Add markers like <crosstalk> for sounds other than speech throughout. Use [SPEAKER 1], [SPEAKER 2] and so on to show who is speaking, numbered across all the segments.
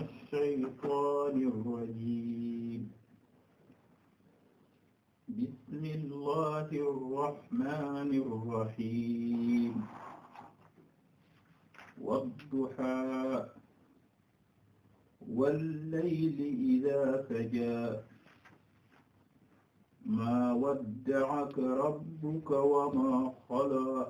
[SPEAKER 1] الشيطان الرجيم بسم الله الرحمن الرحيم والضحى والليل إذا سجى ما ودعك ربك وما قلى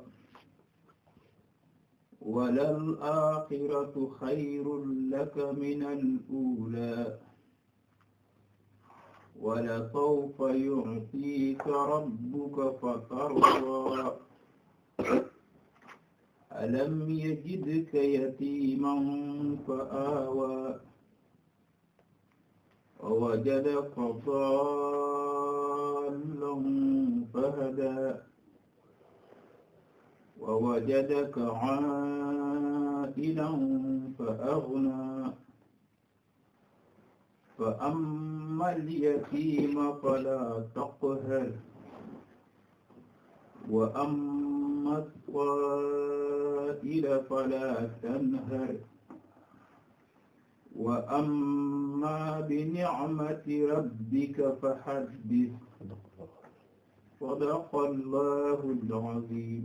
[SPEAKER 1] walal aaxiratu xayrun laka minal uulaa wala sawfa yu'tiika rabbuka fatardaa alam yajidka yatiiman fa aawaa wa wajadaka daallan fahadaa ووجدك عائلا فأغنى فأما اليتيم فلا تقهر وأما الطائل فلا تنهر وأما بنعمة ربك فحدث صدق الله العظيم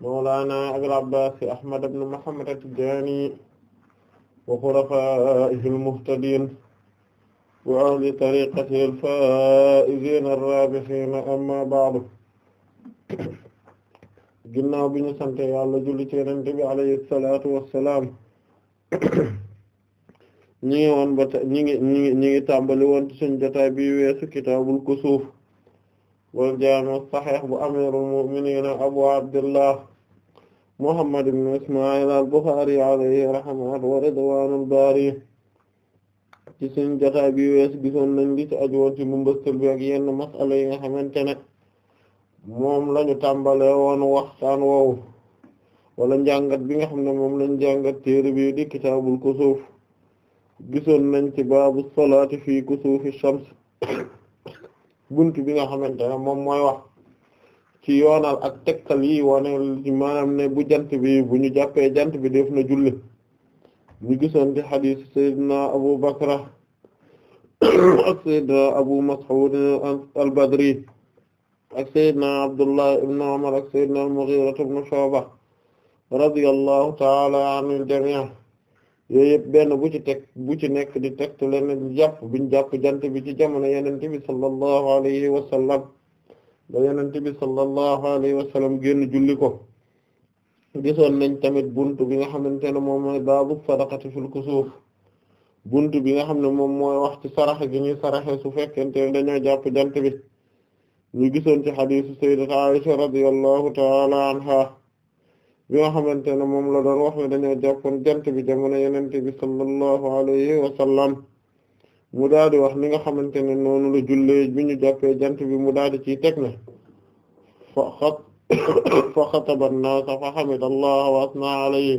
[SPEAKER 2] mawlana Abil Abbas Ahmad ibn Muhammad at-Tijani wa khulafa'ihi al-muhtadin wa ahli tariqatihi al-fa'izin ar-rabihin amma ba'du ginnaaw bi ñu sant Yàlla julli ci Yonent bi alayhi salatu wassalam ñi ngi woon ba ñi ngi ñi ngi ñi ngi tàmbali woon ci suñu jotaay bi weesu kitaabul kusuuf wal jaami' as-sahih bu amirul mu'minin Abu Abdullah Muhammad ibn Ismaïl al-Bukhari alayhi rahmatu wa ridwaanul baari ci seen jotaay bi wees gisoon nañ li ci aju woon ci mbëstal bi ak yenn masala yi nga xamante ne moom lañu tàmbale woon waxtaan woowu wala njàngat bi nga xam ne moom lañu jàngat téere bi di kitaabul kusuuf gisoon nañ ci baabu salaati fii kusuufi shams bunt bi nga xamante ne moom mooy wax ci yoonal ak tegtal yi wane maanaam ne bu jant bi bu ñu jàppee jant bi def na julli ñu gisoon ci xadiis Seydina Abu Bakra ak Seydina Abu Mas'ud al-Badri ak Seydina Abdullah ibn Umar ak Seydina al ta'ala anil jami' yooyu yëpp benn bu ci teg bu ci nekk di tegtale len jàpp biñ jàpp jant bi ci jamono Yonent bi sallallahu alayhi wa sallam ba yenente bi sallallahu alayhi wa sallam génn julli ko gisoon nañ tamit buntu bi nga xamante ne moom mooy baabu sadaqati fil kusuuf bunt bi nga xam ne moom mooy wax ci saraxe gi ñuy saraxe su fekkente ne dañoo jàpp jant bi ñu gisoon ci xadiisu sayyidati Aisha radiyallahu taala anha bi nga xamante ne moom la doon wax ne dañoo jàppoon jant bi jamono yenente bi sallallahu alayhi wa sallam mu daal di wax ni nga xamante ne noonu la jullee bi ñu jàppee jant bi mu daal di ciy teg na fa xat <coughs> fa xataba an-naasa fa hamida allah wa asna alayhi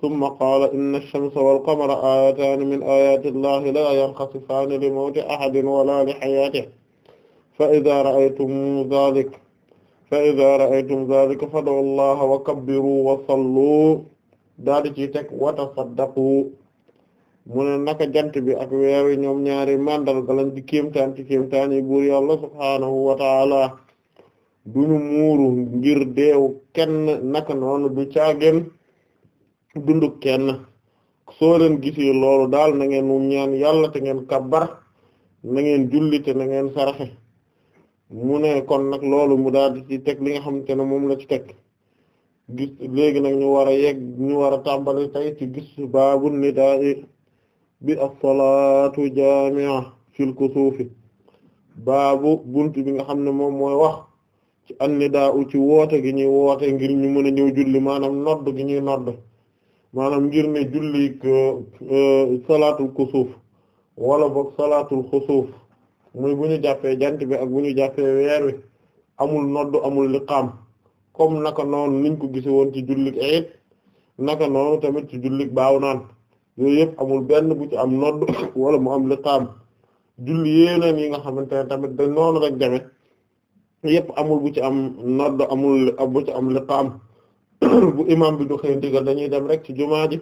[SPEAKER 2] thumma qaala inna ash-shamsa wal qamara ayataani min ayati allahi la yanqasifaani li mawti ahadin wala li hayaatihi fa idha ra'aytum dhaalika fa idha ra'aytum dhaalika fad'u allaha wa kabbiru wa sallu daal di ciy teg wa tasaddaqu mu ne naka jant bi ak weer wi ñoom ñaari màndarga lañ di kéemtaan ci kéemtaan yi buur yàlla subhaanahu wa taala duñu muuru ngir deew kenn naka noonu du caageen dundu kenn soo leen gisee loolu daal na ngeen mum ñaan yàlla te ngeen kabbar na ngeen julli te na ngeen saraxe mu ne kon nag loolu mu daal di ci teg li nga xamante ne moom la ci teg gis léegi nag ñu war yegg ñu war a tàmbali tey ci gis baabu nidaa bi ak salaatu jaami'a fil kusuufi baabu buntu bi nga xam ne moom mooy wax ci daa ci woote gi ñuy woote ngir ñu mën a ñëw julli maanaam nodd gi ñuy nodd maanaam ngir ne julli euh, salaatul kusuuf wala boog salaatul xusuuf muy bu ñu jàppee jant bi ak bu ñu jàppee weer wi amul nodd amul liqaam comme naka noonu niñ ko gise woon ci jullig eid naka noonu tamit ci jullig baaw naan yooyu yëpp amul benn bu ci am nodd <coughs> wala mu am liqaam julli yéeneen yi nga xamante ne tamit da noonu rek deme yëpp amul bu ci am nodd amul bu ci am liqaam <coughs> bu imam bi du xëy ndigal dañuy dem rek ci jumaa ji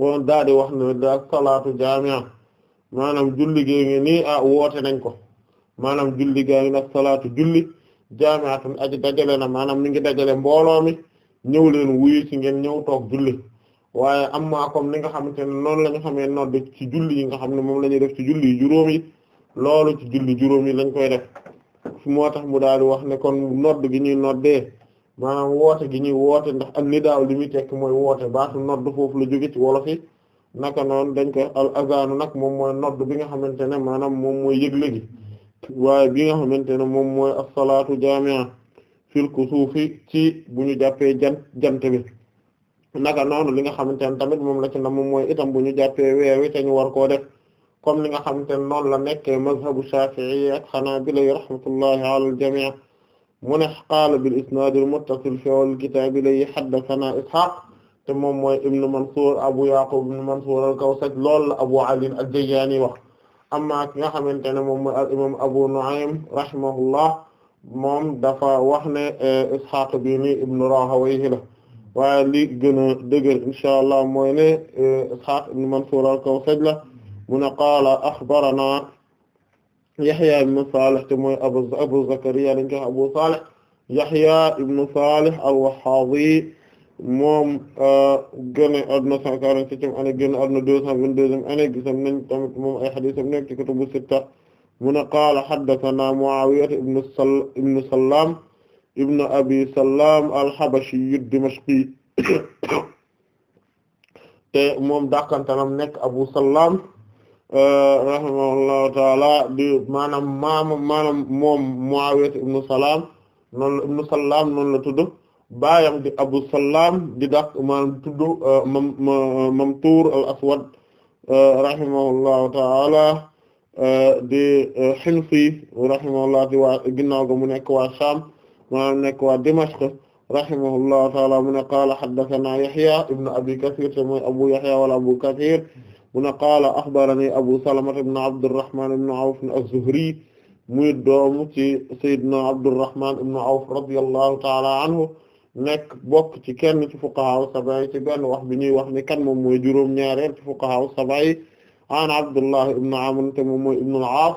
[SPEAKER 2] woon wax ne da salaatu jaami'a maanaam julli gée ngi nii ah woote nañ ko maanaam julli gaa ngi nag salaatu julli jaami'atun aji dajale na maanaam mi ngi dajale mbooloo mi ñëw leen wuyu ci ngeen ñëw toog julli waaye amma comme ni nga xamante ne noonu la ñu xamee nodd ci julli yi nga xam ne moom la ñuy def ci julli yi loolu ci julli juróom yi lañ koy def moo tax mu daal di wax ne kon nodd gi ñuy noddee maanaam woote gi ñuy woote ndax am ni daaw li muy tekk mooy woote baatu nodd foofu la jóge ci wolof yi naka noonu dañ koy al nag moom mooy nodd bi nga xamante ne maanaam moom mooy yëgle gi waaye bi nga xamante ne moom mooy asalaatu jaami'a fil kusuufi ci bu ñu jàppee jant jant bi naka noonu li nga xamante ne tamit moom la ci na moom mooy itam bu ñu jàppee weer wi te ñu war koo def comme li nga xamante ne noonu la nekk mazhabu shafi'i ak xanaabila rahmatullahi ala al-jami' mu ne qaala bil isnaad al-muttasil fi al-kitaab li haddathana Ishaaq te moom mooy ibn Mansuur Abu Yaqub ibn Mansuur al-Kawsaj lool la Abu Ali al-Jayaani wax amma ki nga xamante ne moom mooy al-imaam Abu Nu'aym rahimahullah moom dafa wax ne eh, Ishaaq bi ni ibn Rahawayhi waaye li gën a dëgër insha allah mooy ne Isxaaq e, ibn Mansuur al-Kawsaj la mu ne qaala axbaranaa Yahya ibn Saalih te mooy abu abu Zakariya dañ koy abu Saalih Yahya ibn Saalih al-Wahhaazi moom e, gën a adduna 147 ane gën a adduna 222 ane gisam nañ tamit moom ay hadiisam nekk ci kutubu sitta mu ne qaala haddasanaa Mu'aawiya ibn Sallaam ibn abi salaam al-Habashi dimashqi te moom dàqantanam nekk abu salaam euh, rahimahullahu taala di maanaam maam moom Muawiya ibn ibn salaam noonu la tudd baayam di abu salaam di dàq maanaam tudd euh, mam Mamtuur al-Aswad euh, rahimahullahu taala di Himsi rahimahullahu ginnaaw ga mu nekk waa Sham maanaam nekk waa Dimashq rahimahullahu taala mu ne qaala haddathana Yahya ibn Abi Kathir te mooy Abu Yahya wala Abu Kathir mu ne qaala akhbarani Abu Salama ibn Abdurrahman ibn Awf az-Zuhri muy doomu ci Seydina Abdurrahman ibn Awf radiyallahu taala anhu nekk bokk ci kenn ci fuqahaa sab'a yi ci benn wax bi ñuy wax ni kan moom mooy juróom-ñaareel ci fuqahaa sab'a yi an Abdullah ibn Amr te moom mooy ibn al-Aas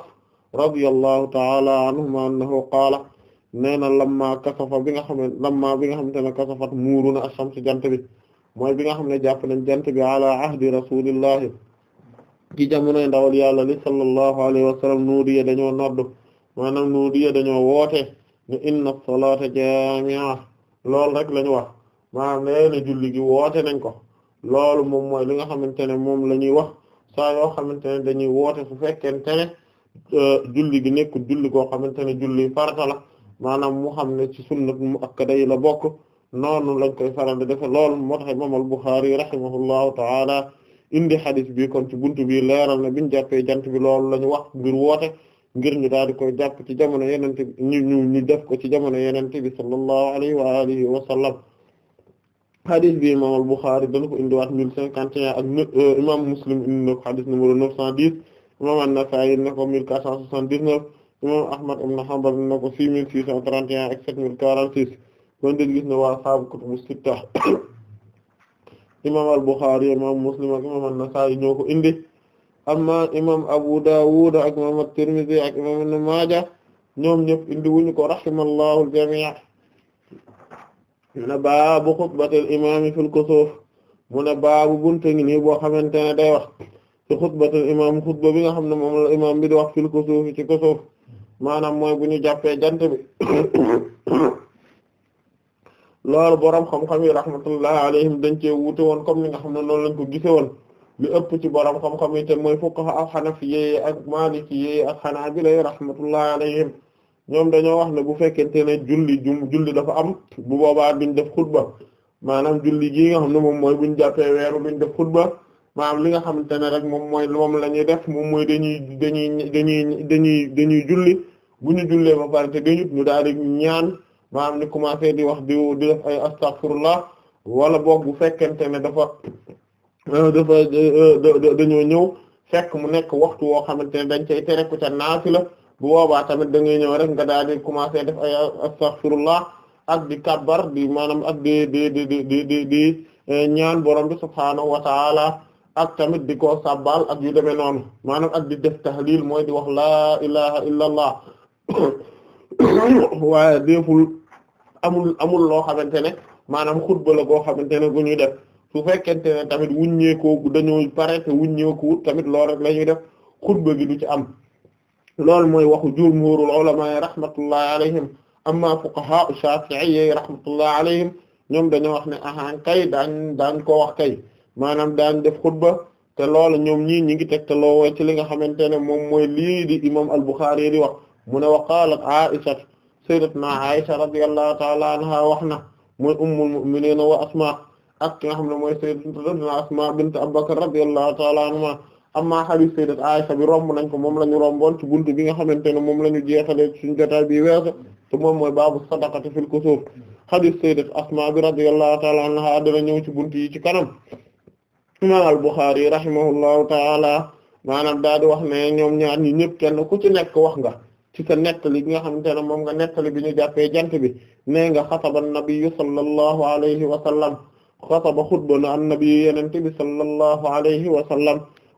[SPEAKER 2] radiyallahu taala anhuma annahu qaala nee na lamma kasafa bi nga xam ne lamma bi nga xamante ne kasafat muuru na ashams jant bi mooy bi nga xam ne jàpp nañ jant bi ala ahdi rasulillahi ci jamonoy ndawal yàlla li sallallahu alayhi wa sallam nuudiya dañoo noddu maanaam nuudiya dañoo woote ne inna salata jamia loolu rek la ñu wax maanaam nee julli gi woote nañ ko loolu moom mooy li nga xamante ne moom la ñuy wax saa yoo xamante ne dañuy woote su fekkente ne euh, julli gi nekk julli goo xamante ne julli farata la maanaam mu xam ne ci sunnat muakkada yi la bokk noonu lañ koy faral di def loolu moo tax imam al-Bukhari rahimahullahu ta'ala indi xadis bi kon ci buntu bi leeral na biñ jàppee jant bi loolu la ñu wax ngir woote ngir ñu daal di koy jàpp ci jamono yenente ñu ñu ñu def ko ci jamono yenente bi sallallahu alayhi wa alihi wa sallam xadis bi imam al-Bukhari dañ ko indiwaat mille cinquante et un ak euh, imam indi na ko xadis numéro neuf cent dix imam ko mille quatre cent soixante dix imam Ahmad ibn Hanbal na ko 6631 ak 7046 kon dégg gis ne waa ashaabu kutubu sitta <coughs> imam al-Bukhari imam Muslim ak imam an-Nasa'i ñoo ko indi amma imam Abu Dawud ak imam at-Tirmidhi ak imam Ibn Maaja ñoom ñëpp indi wuñu ko rahimallahu al-jami' mu ne baabu xutbatil imaami fil kusuuf mu ne baabu bunte ngi nii boo xamante ne day wax ci xutbatil imaam xutba bi nga xam ne moom la imaam bi de wax fil maanaam mooy bu ñu jàppee jant bi loolu borom xam-xam yi rahmatullahi alayhim dañ cee wute woon comme li nga xam ne noonu lañ ko gise woon li ëpp ci borom xam-xam yi te mooy fuqaha ak hanafiyye ak malikiyye ak hanabila rahmatullahi alayhim ñoom dañoo wax ne bu fekkente ne julli jum julli dafa am bu boobaa duñ def xutba maanaam julli gi nga xam ne moom mooy buñ jàppee weeru duñ def xutba maanaam li nga xamante ne rek moom mooy moom la ñuy def moom mooy dañuy dañuy dañuy dañuy dañuy julli bu ñu jullee ba pare te dañut ñu daal di ñaan maanaam ni commencé di wax di di def ay astaghfirullah wala boog bu fekkente ne dafa euh, dafa euh, dañoo ñëw fekk mu nekk waxtu woo xamante ne dañ cay tere ku ca naafila bu boobaa tamit da ngay ñëw rek nga daal di commencé def ay astaghfirullah ak di kabbar di maanaam ak di di di euh, ñaan borom bi subhaanahu wa ak tamit di ko sabbal ak yu noonu maanaam ak di def tahlil mooy di wax laa ilaha illa <coughs> waaye deful amul amul loo xamante ne maanaam xutba la goo xamante ne gu ñuy def su fekkente ne tamit wuññeekoo dañu pare te wuññeeku tamit loolu rek ñuy def xutba gi du ci am loolu mooy waxu jumhuurul ulamaa rahmatullahi alayhim amma fuqahaa shaafi'iyyi rahmatullahi alayhim ñoom dañoo wax ne ahaan kay daañ daañ ko wax kay maanaam daañ def xutba te lool ñoom ñii ñi ngi teg te loo ci li nga xamante ne moom mooy lii di imam al-Bukhari di wax mu ne wa qalat Aisha sayyidatuna Aisha radiyallahu ta'ala anha wax na mooy ummul mu'minin wa asma ak ki nga xam ne mooy sayyidatuna asma bint Abubakar radiyallahu ta'ala anhuma amma hadith sayyidat Aisha bi romb nañ ko moom la ñu romboon ci buntu bi nga xamante ne moom la ñu jeexalee suñu jotaay bi weesu te moom mooy baabu sadaqati fil kusuf hadith sayyidat asma bi radiyallahu ta'ala anha dana ñëw ci buntu yi ci kanam imam al-Bukhari rahimahullahu ta'ala maanaam daal di wax ne ñoom ñaar ñi ñëpp kenn ku ci nekk wax nga ci sa nettali bi nga xamante ne moom nga nettali bi ñu jàppee jant bi nee nga xataba nabiyyu sallallahu alayhi wa sallam xataba xutba na an nabiyyu yenente bi sallallahu alayhi wa sallam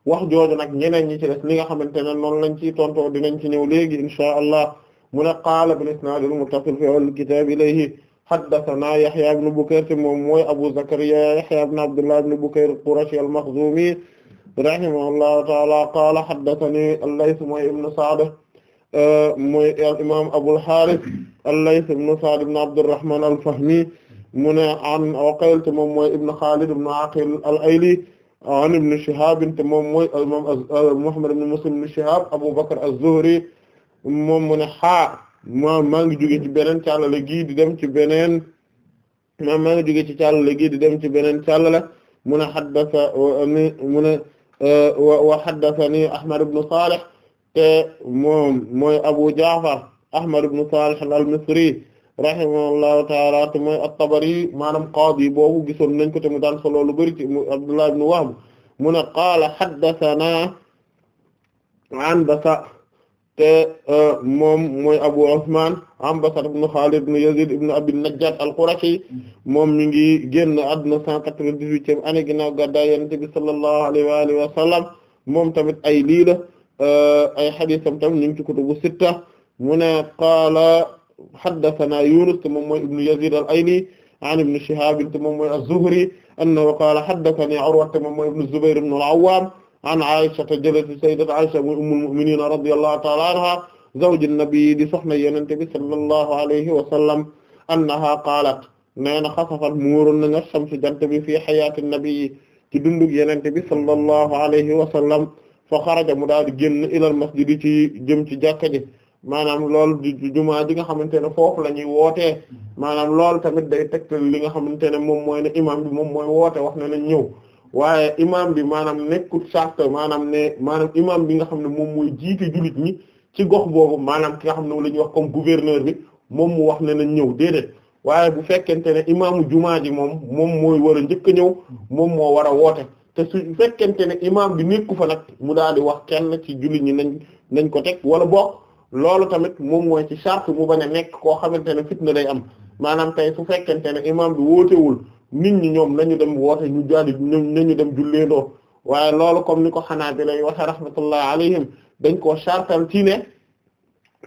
[SPEAKER 2] wax jooju nag ñeneen ñi ci des li nga xamante ne noonu lañ ciy tontoo dinañ ci ñëw léegi inshaa allah mu ne qaala bil isnaadil muttasil fi al kitaab ilayhi haddathana yahya ibn bukayr te moom mooy abu zakariya yahya ibn abdullah ibn bukayr qurashi al makhzumi rahimahullahu ta'ala qaala haddathani al-layth mooy ibn sa'd Euh, mooy al imaam Abul Haaris al-Layth ibn Sa'd ibn Abdurrahman al-Fahmi mu ne an Uqayl te moom mooy ibn Xaalid ibn Aqil al-Ayli an ibn Shihaab te moom mooy imaam Muhammad ibn Muslim ibn Shihaab Abu Bakr az-Zuhri moom mu ne xaa ma maa ngi jóge ci beneen càllale gii di dem ci beneen ma maa ngi jóge ci càllale gii di dem ci beneen càllale mu ne haddasa mu ne wa haddathani Ahmad ibn Salih te moom mooy Abu Ja'far Ahmad ibn Salih al-Misri rahimahullahu ta'ala te mooy tabari maanaam qaadi boobu gisoon nañ ko te solo lu bari ci Abdullah ibn Wahb mu ne qaala haddathana Anbasa te e, moom mooy Abu Usman Anbasa ibn Khalid ibn Yazid ibn Abi Najjad al moom mi ngi génn àdduna 198e année ginnaaw gàddaay Yonent bi sallallahu alayhi wa alihi wa moom tamit ay lii la ay xadiisam tam ñu ngi ci kutubu sitta mu ne qaala haddathana Yunus te moom mooy ibnu Yazid al-Ayli an ibnu Shihab te moom mooy az-Zuhri annahu qaala haddathani Urwa te moom mooy ibnu Zubayr ibnu al-Awwam an Aisha te jëlee ci sayyidat Aisha mooy ummul mu'minin radiyallahu ta'ala anha zawju nabi di soxna Yonent bi sallallahu alayhi wa sallam annaha qaalat nee na xasafat muurun nañu shamsu jant bi fii hayaati nabi ci dundug Yonent bi sallallahu alayhi wa sallam fa xaraja mu daal di génn ilal masjid ci jëm ci jàkka ji maanaam loolu jumaa ji nga xamante ne foofu la ñuy wootee maanaam loolu tamit day tegtal li nga xamante ne moom mooy ne imaam bi moom mooy woote wax na lañ ñëw waaye imaam bi maanaam nekkul sart maanaam ne maanaam imaam bi nga xam ne moom mooy jiite jullit ñi ci gox boobu maanaam ki nga xam ne la ñuy wax comme gouverneur bi moom mu wax ne nañ ñëw déedéet waaye bu fekkente ne imaamu jumaa ji moom moom mooy war a njëkk a ñëw moom moo war a woote te su fekkente ne imaam bi nekku fa nag mu daal di wax kenn ci julli ñi nañ nañ ko teg wala boog loolu tamit moom mooy ci charte mu bañ a nekk koo xamante ne fitna day am maanaam tey su fekkente ne imaam bi wootewul nit ñi ñoom nañu dem woote ñu jàlli nañu dem julleendoo waaye loolu comme ni ko xanaa bi lay waxe rahmatullah alayhim dañ koo chartal ci ne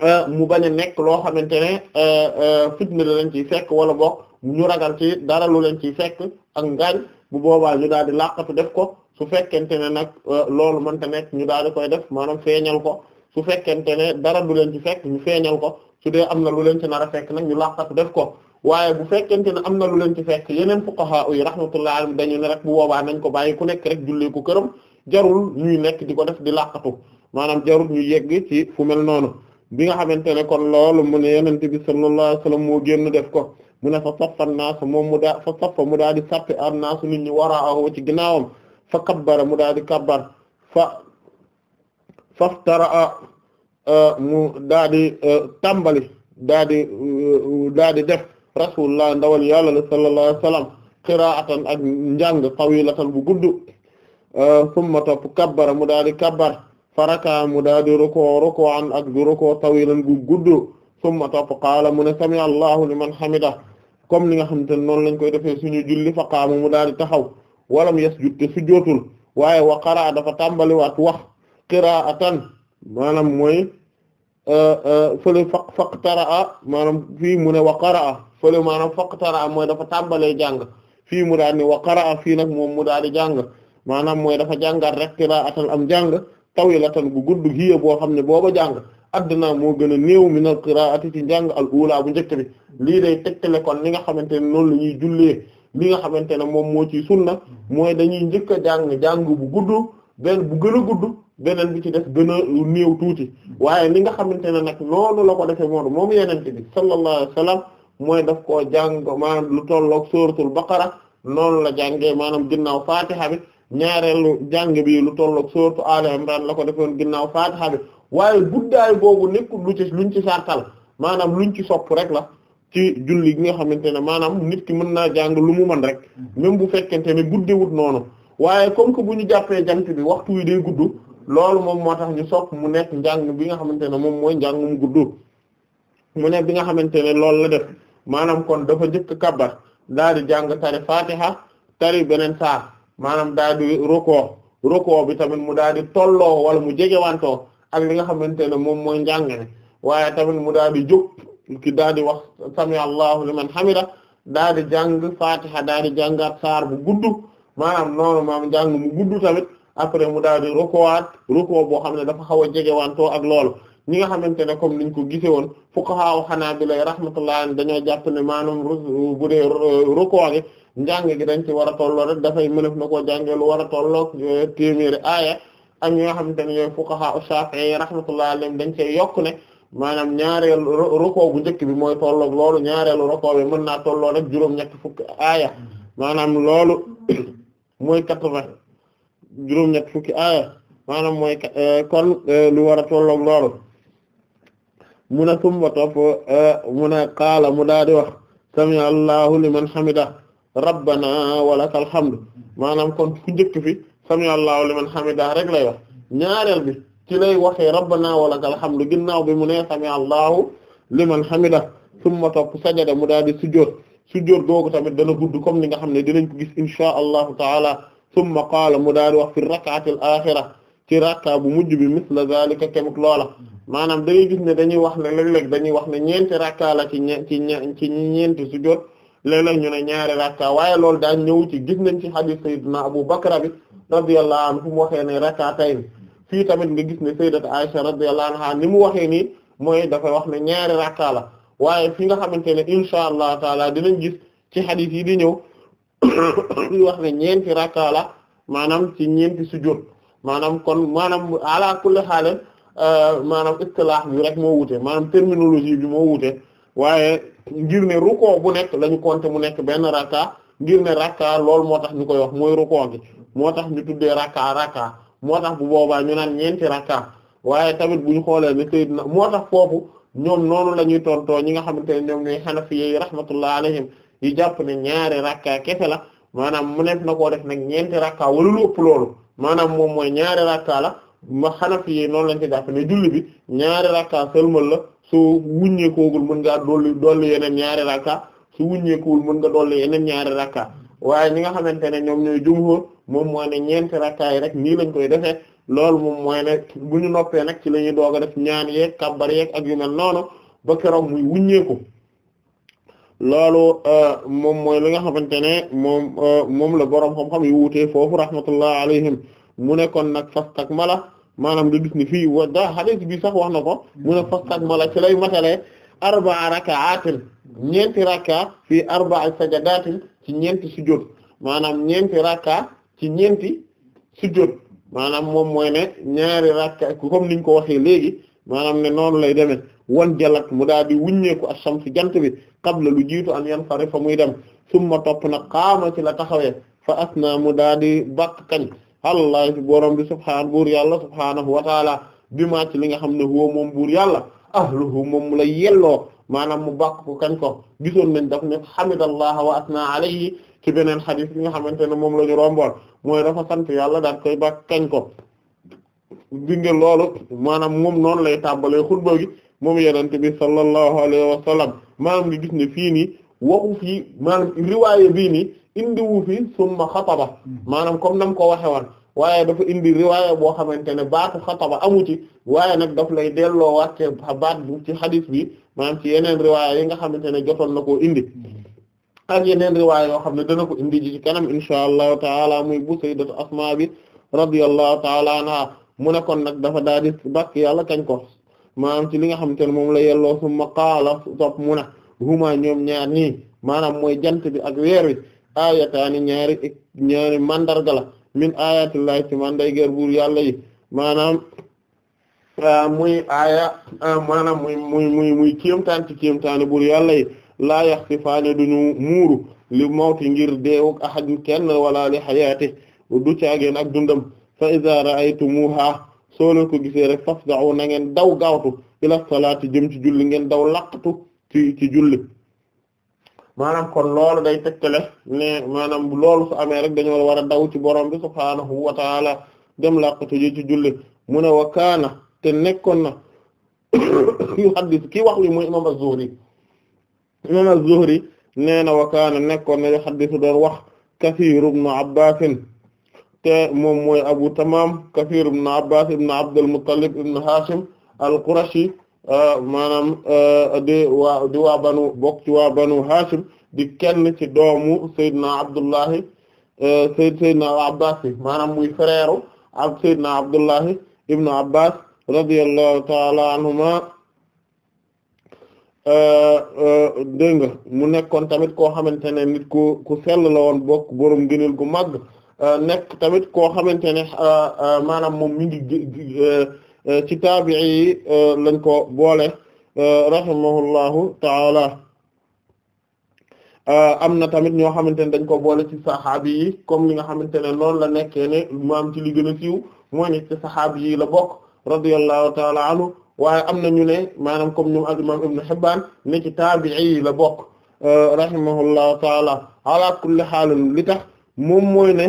[SPEAKER 2] euh, mu bañ a nekk loo xamante ne euh, euh, fitna la leen ciy fekk wala boog ñu ragal ci dara lu leen ci fekk ak ngaañ bu boobaa ñu daal di laqatu def ko su fekkente ne nag euh, loolu mënta nekk ñu daal di koy def maanaam feeñal ko su fekkente ne dara du leen ci fekk ñu feeñal ko su dee am na lu leen ci nar a fekk nag ñu laqatu def ko waaye bu fekkente ne am na lu leen ci fekk yeneen fuqaha yi rahmatullahi alayhim dañu ne rek bu boobaa nañ ko bàyyi ku nekk rek jullee ko këram jarul ñuy nekk di ko def di laqatu maanaam jarul ñu yegg ci fu mel noonu bi nga xamante ne kon loolu mu ne yonent bi sallallahu alayhi wasallam moo génn def ko. mu ne fa saffa naas moom mu daa fa mu daa di sàppi an naas nit ñi waraahu ci ginnaawam fa kabbara mu daa di kabbar fa faftara euh, mu daa di euh, tàmbali daa di euh, daa di def rasulullah ndawal yàlla la sallallahu alayhi wa ak njàng tawilatan bu gudd summa topp kabbara mu daa kabbar fa raka mu daa di rukoo ruku'an ak du rukoo tawilan bu gudd summa topp qaala mu ne sami allahu liman hamida comme li nga xamante ne noonu lañ koy defee suñu julli fa qaama mu daal di taxaw walam yasjud te sujjootul waaye wa qaraa dafa tàmbali waat wax qiraatan maanaam mooy euh, euh, fële faq faqtaraa maanaam fii mu ne wa qaraa fële maanaam faqtaraa mooy dafa tàmbalee jàng fii mu daal ni wa qaraa fii nag moom mu daal di jàng maanaam mooy dafa jàngat rek qiraatan am jàng tawilatan bu gudd hiya boo xam ne booba jàng adna moo gën a néew minal qiraati ci njàng al ula bu njëkk bi lii day tegtale kon li nga xamante ne noonu la ñuy jullee li nga xamante ne moom moo ci sunna mooy dañuy njëkk a jàng jàng bu gudd bu gën a gudd beneen bi ci def gën a néew tuuti waaye li nga xamante ne nag noonu la ko defee moom moom yenente bi sallallahu alayhi wasallam mooy daf koo jàng maanaam lu tolloog suratul baqara noonu la jàngee maanaam ginnaaw fatiha bi ñaareelu jàng bi lu tolloog suratu al imran la ko defoon ginnaaw fatiha waaye guddaay boobu nekkul lu ci luñ ci sartal maanaam ñu ci sopp rek la ci julli gi nga xamante ne maanaam nit ki mën naa jàng lu mu mën rek même bu fekkente ne guddewut noonu waaye comme que bu ñu jàppee jant bi waxtu wi day gudd loolu moom moo tax ñu sopp mu nekk njàng bi nga xamante ne moom mooy njàng mu gudd mu nekk bi nga xamante ne loolu la def maanaam kon dafa jëkk kabbar daal di jàng tari xa tari beneen saar maanaam daal di roko roko bi tamit mu daal di tolloo wala mu jegewantoo ak li nga xamante ne moom mooy njàngale waaye tamit mu daal di jóg ki daal di wax sami allahu liman hamida daal di jàng fatiha daal di jàngaat saar bu gudd maanaam noonu maam jàng mu gudd tamit après mu daal di rukuwaat ruku boo xam ne dafa xaw a jegewantoo ak loolu ñi nga xamante ne comme niñ ko gise woon fuqaha hanabila rahmatullah dañoo jàpp ne maanaam bu dee ruku gi njàng gi dañ ci war a tolloo rek dafay mënef na koo jàngee lu war a tolloog téeméeri ak ñi nga xamante ne ñooy fuqaha Shafi'i rahmatullahi alayhim dañ cee yokk ne maanaam ñaareelu rukoo bu njëkk bi mooy tolloog loolu ñaareelu rukoo bi mën naa tolloo rek juróom aaya maanaam loolu <coughs> mooy quatre-vingt juróom fukki maanaam mooy euh, kon euh, lu war a tolloog loolu mu ne euh, mu ne qaala mu daa di wax sami allahu liman hamida rabbana wa lakal hamd kon fu njëkk fi sami allahu liman hamidah rek lay wax ñaareel bi ci lay waxee rabbana wa lakal hamdu ginnaaw bi mu ne sami allahu liman hamidah summa topp sajada mu daal di sujjóot sujjóot googu tamit dana gudd comme ni nga xam ne dinañ ko gis insha allahu taala summa qaala mu daal di wax fi rak'ati al ci rakka bu mujj bi misla zalika kemuk loola maanaam da ngay gis ne dañuy wax ne léeg-léeg dañuy wax ne ñeenti rakka la ci ñe ci ñe ci ñeenti sujjóot léeg ñu ne ñaari rakka waaye loolu daañ ñëw ci gis nañ ci hadith sayyidina Abu Bakra radiyallahu anhu fu mu waxee ne rak'atayn fii tamit nga gis ne sayyidatu Aisha ni mu waxee nii mooy dafay wax ne ñaari rakka waaye fi nga xamante ne insha allah taala dinañ gis ci xadiis yi di ñëw <coughs> di wax ne ñeenti rakka la maanaam ci ñeenti sujjóot maanaam kon maanaam ala kulli xaal euh, maanaam istilaah bi rek moo wute maanaam terminologie bi moo wute waaye ngir ne rukkoo bu nekk lañu ñu mu nekk benn rakka ngir ne rakka loolu moo tax ñu koy wax mooy rukkoo gi moo tax ñu tuddee rakka rakka moo tax bu boobaa ñu naan ñeenti rakka waaye tamit bu ñu xoolee ne sayyidna moo tax foofu ñoom noonu la ñuy tontoo ñi nga xamante ne ñoom ñooy xanafiyyi rahmatullah alayhim yi jàpp ne ñaari rakka kese la maanaam mu nekk na koo def nag ñeenti rakka wala ëpp loolu maanaam moom mooy ñaari rakka la ma xanafiyyi noonu lañ ci jàpp ne julli bi ñaari rakka seulement la su wuññeekoogul mën ngaa dolli dolli yeneen ñaari rakka su wuññeekuwul mën nga dolli yeneen ñaari rakka ñi nga xamante ne ñoom moom mooy ne ñeenti rakkaay rek nii lañu koy defee loolu moom mooy na bu ñu noppee nag ci la ñuy doog a def ñaan yeeg kabbar yeeg ak yu mel noonu ba keroog muy wuñeeku loolu euh, moom mooy li nga xamante ne moom euh, moom la boroom xam-xam yu wuutee foofu rahmatullah alayhim mu nekkoon nag fastakmala maanaam nga gis ni fii wa da bi sax wax na ko mu ne fastakmala ci lay matalee arba'a raka'atin ñeenti rakka fii arba'a sajadatin ci ñeenti sujud maanaam ñeenti rakka ci ñeenti sujjóot maanaam moom mooy ne ñaari rakka comme niñ ko waxee léegi maanaam ne noonu lay deme wan jalat mu daal di wuññeeku ashams jant bi qabla lu jiitu an yan fari fa muy dem summa topp na kaama ci la taxawee fa asna mu daal di bàkk kañ allah borom bi subhaanahu buur yàlla subhaanahu wa bi ma ci li nga xam ne huwa moom buur yàlla ahluhu moom la yelloo maanaam mu bàkk ko kañ ko gisoon nañ daf ne hamidallaha wa asna alayhi ci beneen xadis bi nga xamante ne moom la ñu romboon mooy dafa sant yàlla daal koy ba kañ ko dinga loolu maanaam moom noonu lay tàmbalee xutba gi moom yenente bi sallallahu alayhi wa sallam maanaam li gis ne fii nii waxu fii maanaam riwaayé bii nii indiwu fi summa xataba maanaam comme nam ko waxe woon waaye dafa indi riwaaya boo xamante ne baatu xataba amu ci waaye nag daf lay delloo wàcce baat bu ci xadis bi maanaam ci yeneen riwaaya yi nga xamante ne jotoon na koo indi ak yeneen riwaay yoo xam ne dana ko indi ji ci kanam insha allahu taala muy bu sayyidatu asma bi radiyallahu taala anha mu ne kon nag dafa daal di bàkk yàlla kañ ko maanaam ci li nga xamante ne moom la yelloo summa qaala topp mu ne huma ñoom ñaar nii maanaam mooy jant bi ak weer wi aayataani ñaari ñaari mandarga la min ayatillahi ci manday ger buur yàlla yi maanaam ah, muy aaya ah, maanaam muy muy muy muy kéemtaan ci kéemtaani buur yàlla yi laa du ñu muuru li mawti ngir deewuk ahad kenn wala li xayaati du caageen ak dundam fa iza ra'aytumuha soo leen ko gisee rek fasda'u na ngeen daw gaawtu ila salaati jëm ci julli ngeen daw laqtu ci ci julli maanaam kon loolu day tegtale ne maanaam loolu su amee rek dañoo war a daw ci borom bi subhaanahu wa taala dem laqatu ji ci julli mu ne wa kaana te nekkoon na <coughs> yu hadis kii wax li mooy imam az-Zuhri imam az-Zuhri nee na wa kaana nekkoon na yuhaddisu doon wax Kasiir ibn Abbaas te moom mooy Abu Tamaam Kasiir ibn Abbaas ibn Abdul Muttalib ibn Haashim al-Qurashi maanaam eh, di waa di waa banu bokk ci waa banu Haashim di kenn ci doomu Seydina Abdullahi eh, Seyd Seydina Abbaas bi maanaam muy frère ak Seydina Abdullahi ibn Abbaas radiyallahu ta'ala anhuma Euh, euh, dégg nga mu nekkoon tamit koo xamante ne nit ku ku sell la woon bokk borom ngëneel gu màgg euh, nekk tamit koo xamante ne maanaam moom mi ngi ci taabi'i yi lañ ko boole rahimahullahu ta'ala am na tamit ñoo xamante ne dañ ko boole ci saxaabi yi comme li nga xamante ne noonu la nekkee ne maam ci li gën a siiw mooy ci saxaabi yi la bokk radiyallahu ta'ala anhu waaye am na ñu ne maanaam comme ñoom al imam ibn Hibbaan ne ci taabi'i la bokk euh, rahimahullahu taala ala kulli xaalin li tax moom mooy ne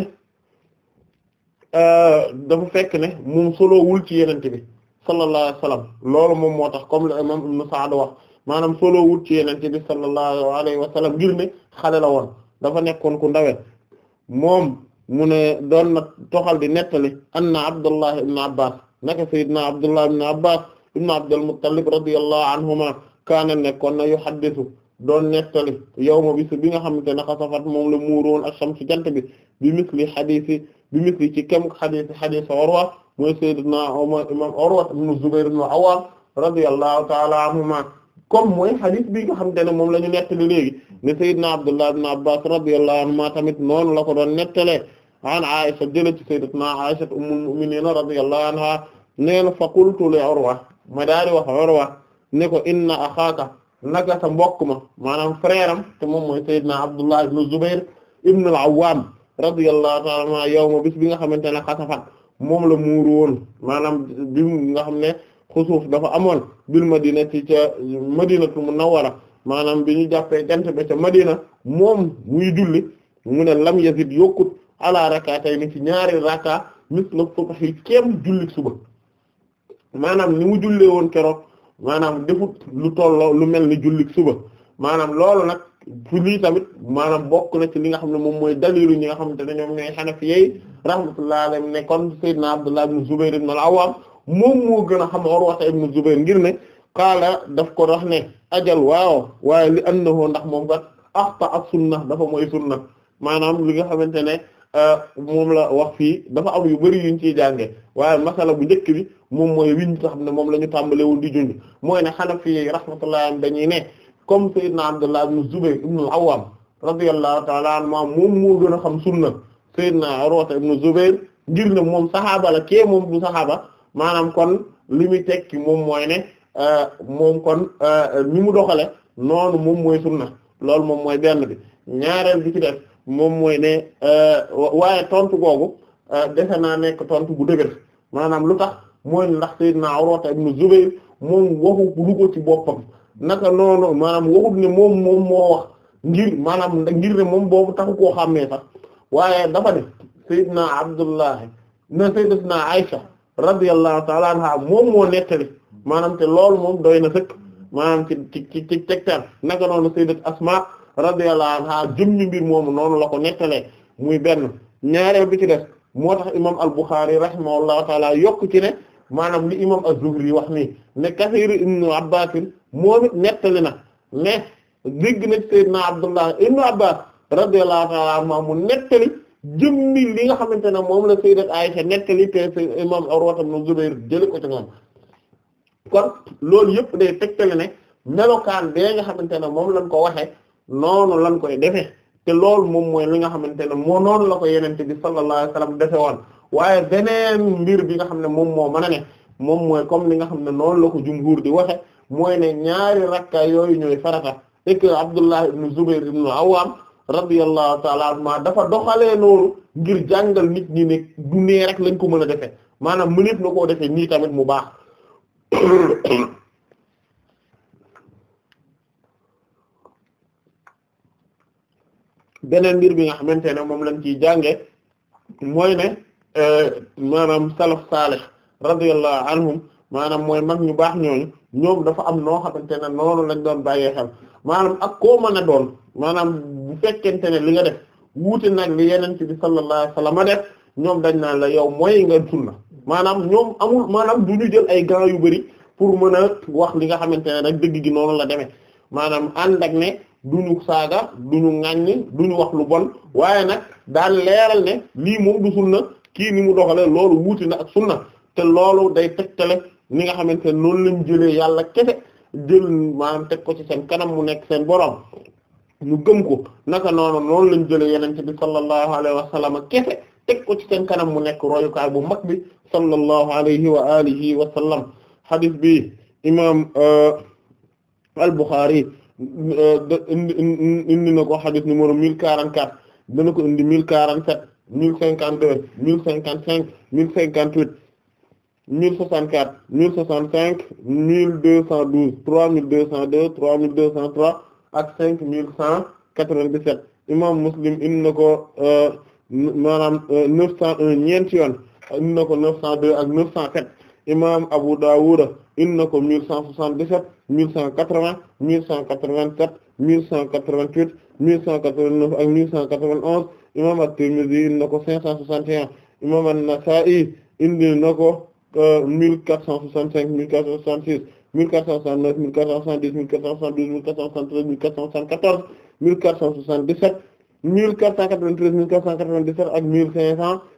[SPEAKER 2] euh, dafa fekk ne moom solowul ci yenente bi sallallahu alayhi wa loolu moom moo tax comme le imam ibn Sa'd wax maanaam solowul ci yenente bi sallallahu alayhi wa sallam ngir ne xale la woon dafa nekkoon ku ndawe moom mu ne doon na toxal di nettali na Abdullah ibn Abbas naka sayyidna Abdullah ibn Abbas ibn Abdul Muttalib radiyallahu anhuma kaana nekkoon na yu xaddisu doon nettali yawma bis bi nga xamante ne xasafat moom la muuroon ak sam si jant bi bi misli xadisi bi misli ci kem xadisi xadisi Urwa mooy sayyidina Umar imam Urwa ibn Zubayr ibn Awwam radiyallahu ta'ala anhuma comme mooy xadis bi nga xamante ne moom la ñu nettali léegi ne sayyidina Abdullah ibn Abbas radiyallahu anhuma tamit noonu la ko doon nettalee an Aisha jële ci sayyidatuna Aisha ummul mu'minin radiyallahu anha neen fa qultu li Urwa ma daal di wax Urwa ne ko inna axaaka naka sa mbokk ma maanaam frère am te moom mooy Seydina Abdullah ibn Zubair ibn al-Awwam radiyallahu ta'ala anhu yawma bis bi nga xamante ne xasafat moom la muuru woon maanaam bi nga xam ne xusuuf dafa amoon bil madina ci ca madinatu munawwara maanaam bi ñu jàppee jant ba ca madina moom muy julli mu ne lam yazid yokkut ala rakatayni ci ñaari raka misla subhi kem julli suba maanaam ni mu jullee woon keroog maanaam defut lu tolloo lu mel ni jullik suba maanaam loolu nag fu tamit maanaam bokk na ci li nga xam ne moom mooy dalilu ñi nga xamante ne ñoom ñooy xanafiyey rahmatullahi alayhim ne kon sayyidna Abdullah ibn Zubayr ibn al-Awwam moom moo gën a xam Urwa ibn Zubayr ngir ne kaala daf ko wax ne ajal waaw waaye li annahu ndax moom kat axta as sunna dafa mooy sunna maanaam li nga xamante ne Euh, moom la wax fii dafa am yu bari yuñ ciy jànge waaye masala bu njëkk bi moom mooy wiñ nga xam ne moom la ñu tàmbalewul di junj mooy ne Hanafi yi rahmatullahi dañuy ne comme Seydina Abdullah ibn Zubayr ibn al-Awwam radiyallahu ta'ala anhu moom moo gën a xam sunna Seydina Urwa ibn Zubayr ngir ne moom saxaaba la kee moom du saxaaba maanaam kon li muy tekki moom mooy ne euh, moom kon euh, ni mu doxale noonu moom mooy sunna loolu moom mooy benn bi ñaareel bi moom mooy ne euh, waaye tontu googu euh, defe naa nekk tontu bu dëgër maanaam lu tax mooy ndax sayyidna Urwata ibn Zubayr moom waxu lu ko ci boppam naka noonu maanaam waxut ne moom moom moo wax ngir maanaam ngir ne moom boobu taxu koo xàmmee sax waaye dafa ne sayyidna Abdullah na sayyidatna Aisha radiyallahu ta'ala anha moom moo nettali maanaam te loolu moom doy na sëkk maanaam ci ci ci tegtal naka noonu sayyidat Asma radiyallahu anha jëmmi mbir moomu noonu la ko nettalee muy benn ñaaree bi ci def moo tax imam al-Bukhari rahimahullahu taala yokku ci ne maanaam li imam az-Zuhri wax nii ne Kathir ibnu Abbas moom it nettali na ne dégg na ci Seydina Abdullah ibnu Abbas radiyallahu taala mu nettali jëmmi li nga xamante ne moom la sayyidat Aisha nettali te imam Urwa ibn Zubayr jëli ko ci moom kon loolu yëpp day tegtali ne melokaan bee nga xamante ne moom lañ ko waxee noonu lan koy defee te loolu moom mooy li nga xamante ne moo noonu la ko yenente bi sallallahu alayhi wasallam defe woon waaye beneen mbir bi nga xam ne moom moo mën a ne moom mooy comme li nga xam ne noonu la ko jumhuur di waxe mooy ne ñaari rakka yooyu ñooy farata et que Abdullah ibn Zubayr ibn Awwam radiyallahu ta'ala anhuma dafa doxalee noonu ngir jàngal nit ñi ne du rek lañ ko mën a defee maanaam mëneef na koo defee nii tamit mu baax <coughs> beneen mbir bi nga xamante ne moom lañ ciy jànge mooy ne euh, maanaam salaf salih radiyallahu anhum maanaam mooy mag ñu baax ñooñu ñoom dafa am noo xamante ne noonu lañ doon bàyyee xel maanaam ak koo mën a doon maanaam bu fekkente ne li nga def wuute nag li yeneen ci bi sallallahu alayhi wasallam def ñoom dañ naan la yow mooy nga sunna maanaam ñoom amul maanaam du ñu jël ay gants yu bari pour mën a wax li nga xamante ne rek dëgg gi noonu la demee maanaam ànd ak ne duñu saaga duñu ŋàññ duñu wax lu bon waaye nag daal leeral ne lii moom du sunna kii ni mu doxale loolu wuuti na ak sunna te loolu day tegtale ni nga xamante ne noonu lañ jëlee yàlla kese jël maam teg ko ci seen kanam mu nekk seen borom ñu gëm ko naka noonu loolu lañ jëlee yenente bi sallallahu alayhi wa sallam kese teg ko ci seen kanam mu nekk royukaay bu mag bi sallallahu alayhi wa alihi wa sallam hadith bi imam euh, al indi na ko xadis numéro mille quarante quatre dana ko indi mille quarante sept mille cinquante deux mille cinquante cinq mille cinquante huit mille soixante quatre mille soixante cinq mille deux cent douze trois mille deux trois mille deux cent trois ak cinq mille cent quatre vingt dix sept imam Muslim indi na ko euh, maanaam euh, neuf cent ñeenti yoon indi na ko neuf cent deux ak neuf cent sept imam Abu Dawud indi na ko mille cent soixante-dix-sept mille cent quatre-vingts mille cent quatre-vingt-sept mille cent quatre-vingt-huit mille cent quatre-vingt-neuf ak mille cent quatre-vingt-onze imam at-Tirmidhi indi na ko cinq cent soixante et un imam an-Nasa'i indi na ko mille quatre cent soixante-cinq mille quatre cent soixante-six mille quatre cent soixante-neuf mille quatre cent soixante-dix mille quatre cent soixante-douze mille quatre cent soixante-treize mille quatre cent soixante-quatorze mille quatre cent soixante-dix-sept mille quatre cent quatre-vingt-treize mille quatre cent quatre-vingt-dix-sept ak mille cinq cents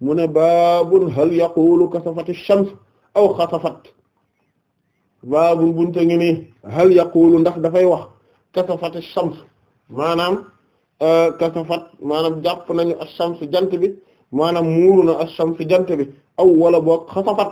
[SPEAKER 2] mu ne baabun hal yaqulu kasafati shams aw xasafat baabun bunte ngi ni hal yaqulu ndax dafay wax kasafati shams maanaam euh, kasafat maanaam jàpp nañu ash-shams jant bi maanaam muuru na ash-shams jant bi aw wala book xasafat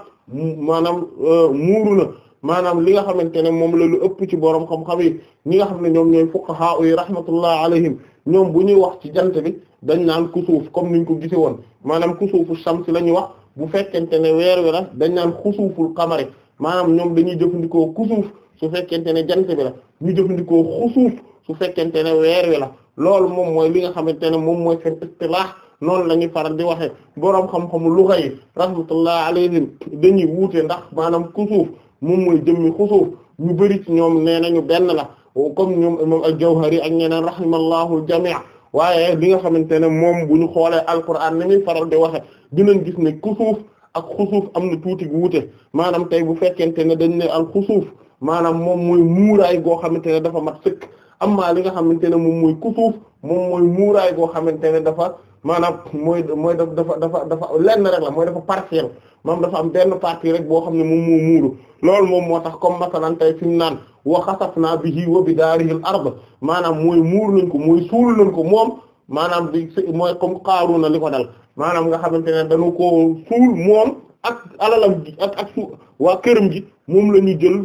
[SPEAKER 2] maanaam euh, muuru na maanaam li nga xamante ne moom la lu ëpp ci borom xam-xam yi ñi nga xam ne ñoom ñooy fuqaha yi rahmatullah alayhim ñoom bu ñuy wax ci jant bi dañ naan kusuuf comme niñ ko gisee woon maanaam kusuufu shams la ñuy wax bu fekkente ne weer wi la dañ naan xusuuful kamari maanaam ñoom dañuy jëfandikoo kusuuf su fekkente ne jant bi la ñu jëfandikoo xusuuf su fekkente ne weer wi la loolu moom mooy li nga xamante ne moom mooy seen istilaax noonu la ñuy faral di waxee boroom xam-xamu luga yi rahmatullah alayhim dañuy wuute ndax maanaam kusuuf moom mooy jëmmi xusuuf ñu bari ñoom nee nañu benn la comme ñoom a al ak ñeneen rahimallahu al-jami' waaye li nga xamante ne moom bu ñu xoolee alquran ni muy faral di waxe dinañ gis ne kusuuf ak xusuuf am na tuuti bu wuute maanaam tey bu fekkente ne dañ ne al xusuuf maanaam moom mooy muuraay goo xamante ne dafa mat sëkk amma li nga xamante ne moom muy kusuuf moom mooy muuraay goo xamante ne dafa maanaam mooy mooy dafa dafa dafa lenn rek la mooy dafa partiel moom dafa am benn partie rek boo xam ne moom moo muuru loolu moom moo tax comme masalan tey naan mu naan wa xasafnaa bi wa bidaarihi al-ard maanaam mooy muur nañ ko mooy suul nañ ko moom maanaam di mooy comme Qaaruuna li ko dal maanaam nga xamante ne dañu ko suul moom ak alalam gi ak ak suuf waa këram gi moom la ñu jël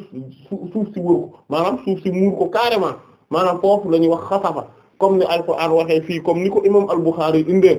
[SPEAKER 2] suuf si wër ko maanaam suuf si muur ko carrément maanaam foofu la ñuy wax xasafa comme ni alquran waxe fii comme ni ko imam al-Bukhari indee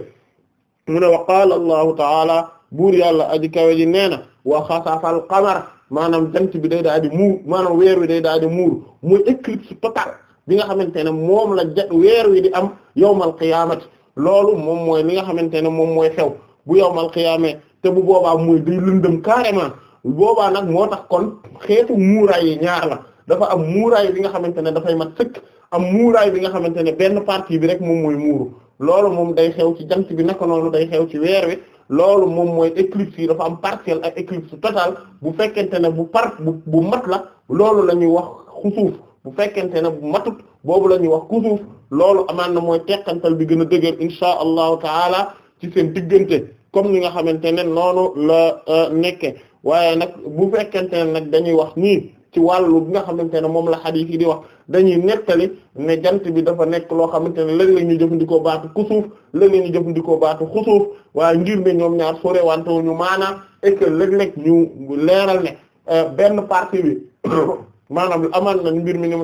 [SPEAKER 2] mu ne wa qaala allahu taala buur aji kawe ji nee na wa xasafal qamar maanaam jant bi day daal di muur maanaam weer wi day daal di muur mooy éclipse totale bi nga xamante ne moom la ja weer wi di am yawmal qiyaamati loolu moom mooy li nga xamante ne moom mooy xew bu yawmal qiyaamee te bu boobaa mooy day lëndëm carrément boobaa nag moo tax kon xeetu muuraay yi ñaar la dafa am muuraay bi nga xamante ne dafay mat sëkk am muuraay bi nga xamante ne benn partie bi rek moom muy muuru loolu moom day xew ci jant bi naka noonu day xew ci weer wi loolu moom mooy éclipse yi dafa am partielle ak éclipse totale bu fekkente ne bu par bu bu mat la loolu la ñuy wax xusuuf bu fekkente ne bu matut boobu la ñuy wax xusuuf loolu amaan na mooy teqantal bi gën a dëgër insha allahu taala ci seen diggante comme ni nga xamante ne noonu la euh, nekke waaye nag bu fekkente ne nag dañuy wax nii ci wàllu bi nga xamante ne moom la xadiis yi di wax dañuy nettali ne jant bi dafa nekk loo xamante ne léeg-léeg ñu jëfandikoo baatu kusuuf léeg-léeg ñu jëfandikoo baatu xusuuf waaye ngir ne ñoom ñaar sorewante ñu maanaam et que léeg-léeg leeral ne euh, benn partie bi <coughs> maanaam amaan nañ mbir mi ni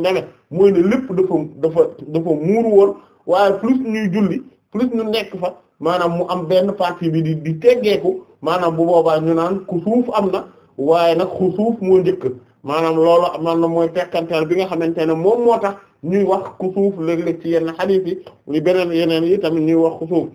[SPEAKER 2] mu lépp dafa dafa dafa muuru woon waaye plus ñuy julli plus ñu nekk fa maanaam mu am benn partie bi di di teggeeku maanaam bu boobaa ñu naan kusuuf am na waaye nag xusuuf moo njëkk maanaam loolu maanaam mooy tekkanteel bi nga xamante ne moom moo tax ñuy wax kusuuf léeg-léeg ci yenn xadiis yi ñu beneen yeneen yi tamit ñuy wax kusuuf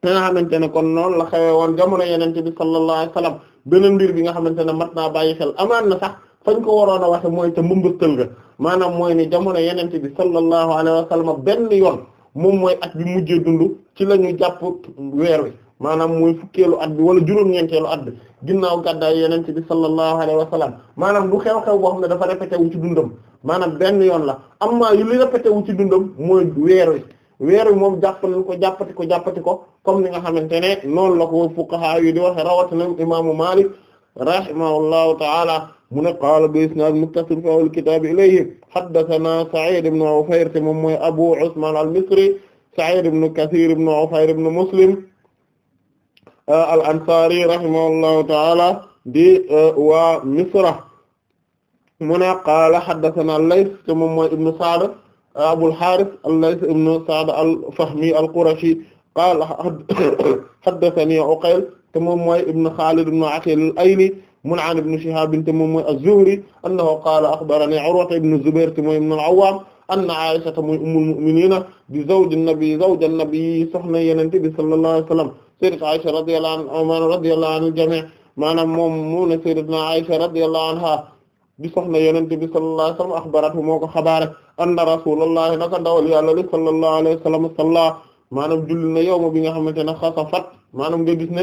[SPEAKER 2] te nga xamante ne kon noonu la xewee woon jamono yenente bi sallallahu alayhi wasallam beneen mbir bi nga xamante ne mat naa bàyyi xel amaan na sax fañ ko waroon a waxe mooy te mbëmbëstal ga maanaam mooy ni jamono yenente bi sallallahu alayhi wasallam benn yoon moom mooy at bi mujjee dund ci la ñu jàpp weer wi maanaam muy fukkeelu at bi wala juróom-ñeenteelu at bi ginnaaw gàddaay yeneen ci bi sallallahu alayhi wa sallam maanaam du xew-xew boo xam ne dafa répété wu ci dundam maanaam benn yoon la amma yu li répété wu ci dundam mooy weer weer wi moom jàppal ko jàppati ko jàppati ko comme ni nga xamante ne noonu la ko fuqaha yi di waxe rawatina imaamu Maalik rahimahullahu ta'ala mu ne qaala bi isnaad muttasil fi awwal kitaab ilayhi haddathana Sa'id ibn Ufayr te moom mooy Abu Usman al-Misri Sa'id ibn Kathir ibn Ufayr ibn Muslim Euh, al ansari rahimahullahu taala di euh, waa misra mu ne qaala haddathana al-Layth te moom mooy ibnu Sa'd euh, Abul Harith al-Layth ibnu Sa'd al-Fahmi al-Qurashi qaala haddathani Uqayl te moom mooy ibnu Khalid ibnu Aqil al-Ayli mun an ibnu Shihab te moom mooy az-Zuhri annahu qaala akhbarani Urwa ibnu Zubayr te mooy ibnu al-Awwam anna Aisha te mooy ummul mu'minina bi zawji an-nabi zawji an-nabi soxna Yonent bi sallallahu alayhi wa sallam sayyidat Aisha radiyallahu anha radiyallahu anil jami' maanaam moom mu ne sayyidatna Aisha radiyallahu anha di soxna yonent bi sallallahu alayhi moo ko xabaare anna rasulullahi naka ndawal yàlla li sallallahu alayhi wa sallam salla maanaam julli na yow bi nga xamante ne xasafat maanaam nga gis ne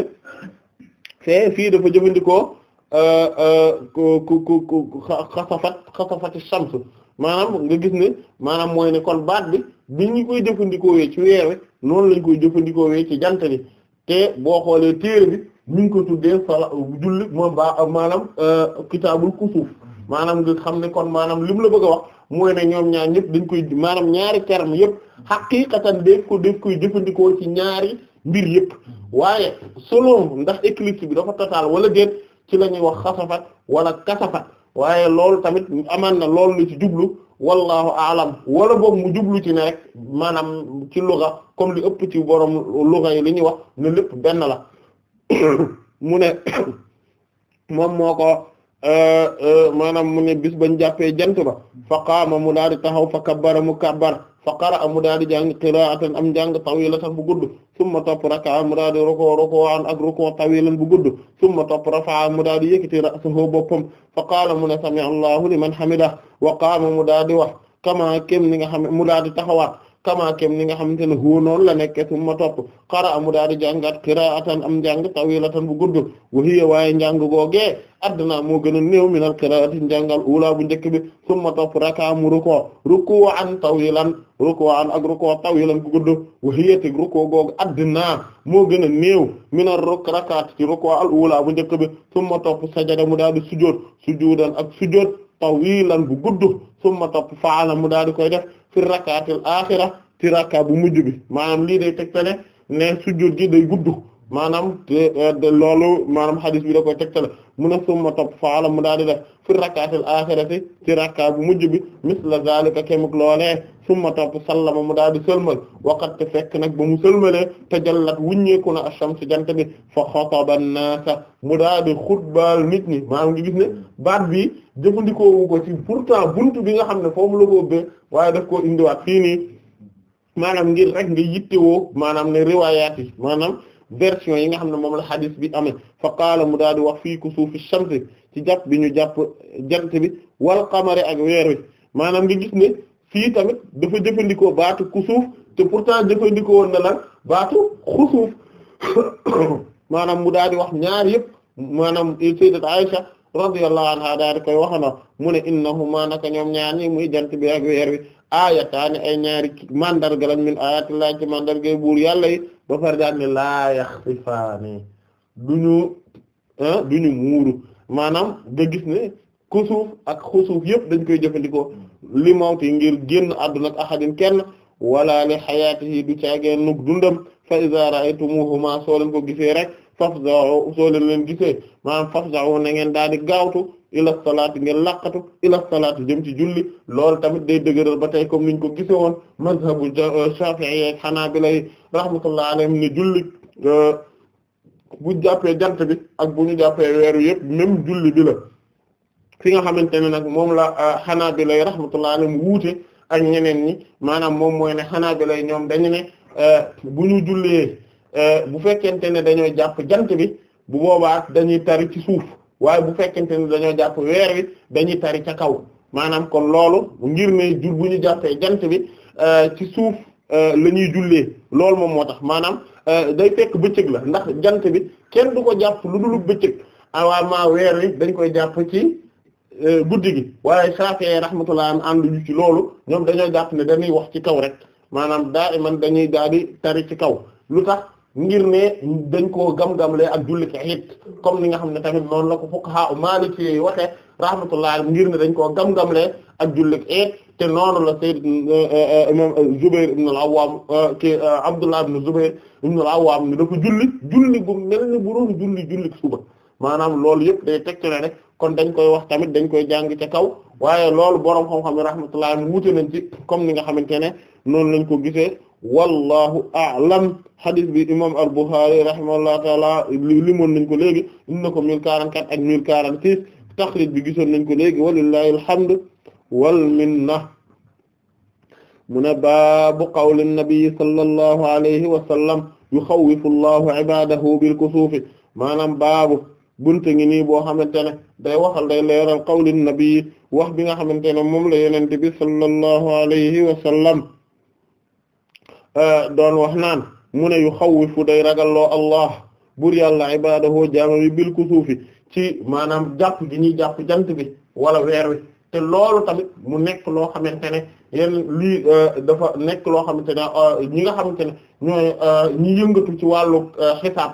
[SPEAKER 2] fii dafa jëfandikoo euh, euh, ku ku ku xasafat nga gis ne maanaam mooy ne kon baat bi bi ñu koy jëfandikoo wee ci weer wi noonu lañ koy jëfandikoo wee ci jant bi te boo xoolee téere bi ñu ko tuddee sala julli moom ba maanaam euh, kitaabul kusuuf maanaam nga xam ne kon maanaam li mu la bëgg a wax mooy ne ñoom ñaar ñëpp dañ koy maanaam ñaari terme yëpp xaqiiqatan def ko def koy jëfandikoo ci ñaari mbir yëpp waaye selon ndax éclipse bi dafa total wala déet ci la ñuy wax xasafat wala kasafat waaye lool tamit amaan na loolu la ci jublu wallahu alam wala boog mu jublu ci ne rek maanaam ci luga comme li ëpp ci borom luga yi li ñuy wax ne lépp benn la <coughs> mu ne <coughs> moom moo ko Euh, euh, maanaam mu ne bis bañ jàppee jant ba fa qaama mu daal taxaw fa kabbara mu kabbar fa qara'a mu daal di jàng qira'atan am jàng tawilatan bu gudd summa topp raka'a mu daal di roko roko an ak tawilan bu gudd summa topp rafa'a mu daal di yëkkati ra'sahu boppam fa qaala mu ne sami'a Allahu liman hamidah wa qaama mu daal di wax kama kem ni nga xam mu daal di taxawaat kamaakem ni nga xamante ne huwa noonu la nekke summa topp xara amu daal di jàngat qiraatan am njàng tawilatan bu gudd wa hiya waaye njàng googee addna moo gën a néew minal qiraati njàngal ula bu njëkk bi summa topp raka mu ruko ruku'an tawilan ruku'an ak ruku' tawilan bu gudd wa hiya moo gën a néew minal ruk al ula bu njëkk bi summa topp sajada mu daal di sujood sujuudan tawilan bu gudd summa topp faala mu daal di koy def fi rakaatil axira ci rakka bu mujj bi maanaam lii day tegtale ne sujjóot gi day gudd maanaam te eh, loolu maanaam xadis bi da koy la mu ne summa topp faala mu daal di def fi rakkaatil axirati ci rakka bu mujj bi misla zalika kemuk loolee summa topp sallama mu daal di sëlmal waqat te fekk nag ba mu sëlmalee tajallat wuññeeku na ash-shams jant bi fa xataba an-naasa mu daal di xutbaal nit ñi maanaam ngi gis ne baat bi jëfandikoo wu ko ci pourtant buntu bi nga xam ne foofu la ko bee waaye daf koo indiwaat fii nii maanaam ngir rek nga yittewoo maanaam ne yi maanaam version yi nga xam ne moom la xadis bi amee fa qaala mu daal di wax fii kusuufi shamsi ci jàpp bi ñu jàpp jant bi wal qamari ak weer wi maanaam nga gis ne fii tamit dafa jëfandikoo baatu kusuuf te pourtant jëfandikoo woon na lan baatu xusuuf <coughs> maanaam mu daal di wax ñaar yëpp maanaam sayyidat Aisha radiyallahu anha daal di koy waxana mu ne innahuma naka ñoom ñaar ñi muy jant bi ak weer wi aayataani ay ñaari mandarga lañ min aayatillahi ci mandarga buur yàlla yi ba pare daal ne laa yaxsifaani duñu duñu muuru maanaam nga gis ne kusuuf ak xusuuf yëpp dañ ko jëfandikoo li mawti ngir génn àdduna ak ahadin kenn walaa li xayaati yi du caageen nuk dundam fa iza ra'aytumuhuma soo leen ko gisee rek fafza'u soo leen leen gisee maanaam fafza'u na ngeen daal di gaawtu ila salaat ngeen laqatu ila salaat jëm ci julli loolu tamit day dëgëral ba tey comme niñ ko gisee woon mazhabu euh, Shafi'i ak Hanabila rahmatullahi alayhim ne julli euh, bu jàppee jant bi ak bu ñu jàppee weeru yëpp même julli nga xamante ne nag moom la euh, Hanabila rahmatullahi alayhim wuute ak ñeneen ñi maanaam moom mooy ne Hanabila ñoom dañu ne bu ñu jullee. Euh, bu fekkente ne dañoo jàpp jant bi bu boobaa dañuy tari ci suuf waaye bu fekkente ne dañoo jàpp weer wi dañuy tari ca kaw maanaam kon loolu ngir ne jur bu ñu jàppee jant bi euh, ci suuf euh, la ñuy jullee loolu moom moo tax maanaam day fekk bëccëg la ndax jant bi kenn du ko jàpp lu dul bëccëg awaamaa weer wi dañ koy jàpp ci guddi gi waaye Shafi'i rahmatullah am ñu ci loolu ñoom dañoo jàpp ne dañuy wax ci kaw rek maanaam daa iman dañuy daal tari ci kaw lu tax ngir ne dañ koo gam-gamlee ak julli iid comme ni nga xam ne tamit noonu la ko fuqaha maliki yi waxee rahmatullah ngir ne dañ koo gam-gamlee ak julli iid te noonu la sayyid imam eh, eh, eh, Zubair ibn al-Awwam ki Abdullah ibn Zubair ibn al-Awwam ne dafa julli julli gu mel ni bu doon julli julli suba maanaam loolu yëpp day tegtale rek kon dañ koy wax tamit dañ koy jàng ca kaw waaye loolu boroom xam-xam yi rahmatullahi mu wute nañ ci comme ni nga xamante ne noonu lañ ko gisee wallahu a'lam hadith bi imam al-Bukhari rahimahullahu taala limoon nañ ko léegi indi na ko 1044 ak 1046 taxrij bi gisoon nañ ko léegi walillahi alhamdu wal minna mu ne baabu qawli nabi sallallahu alayhi wa sallam yuxawwifu allahu ibadahu bil kusufi maanaam baabu bunte ngi nii boo xamante ne day waxal day leeral qawli nabi wax bi nga xamante ne moom la yenente bi sallallahu alayhi wa sallam euh, doon wax naan mu ne yu xawwifu day ragalloo allah bur yàlla ibadahu jaama bi bil kusuufi ci maanaam jàpp gi ñuy jàpp jant bi wala weer wi te loolu tamit mu nekk loo xamante ne yéen lii euh, dafa nekk loo xamante ne euh, ñi nga xamante ne ñooy ñi yëngatu ci wàllu xisaab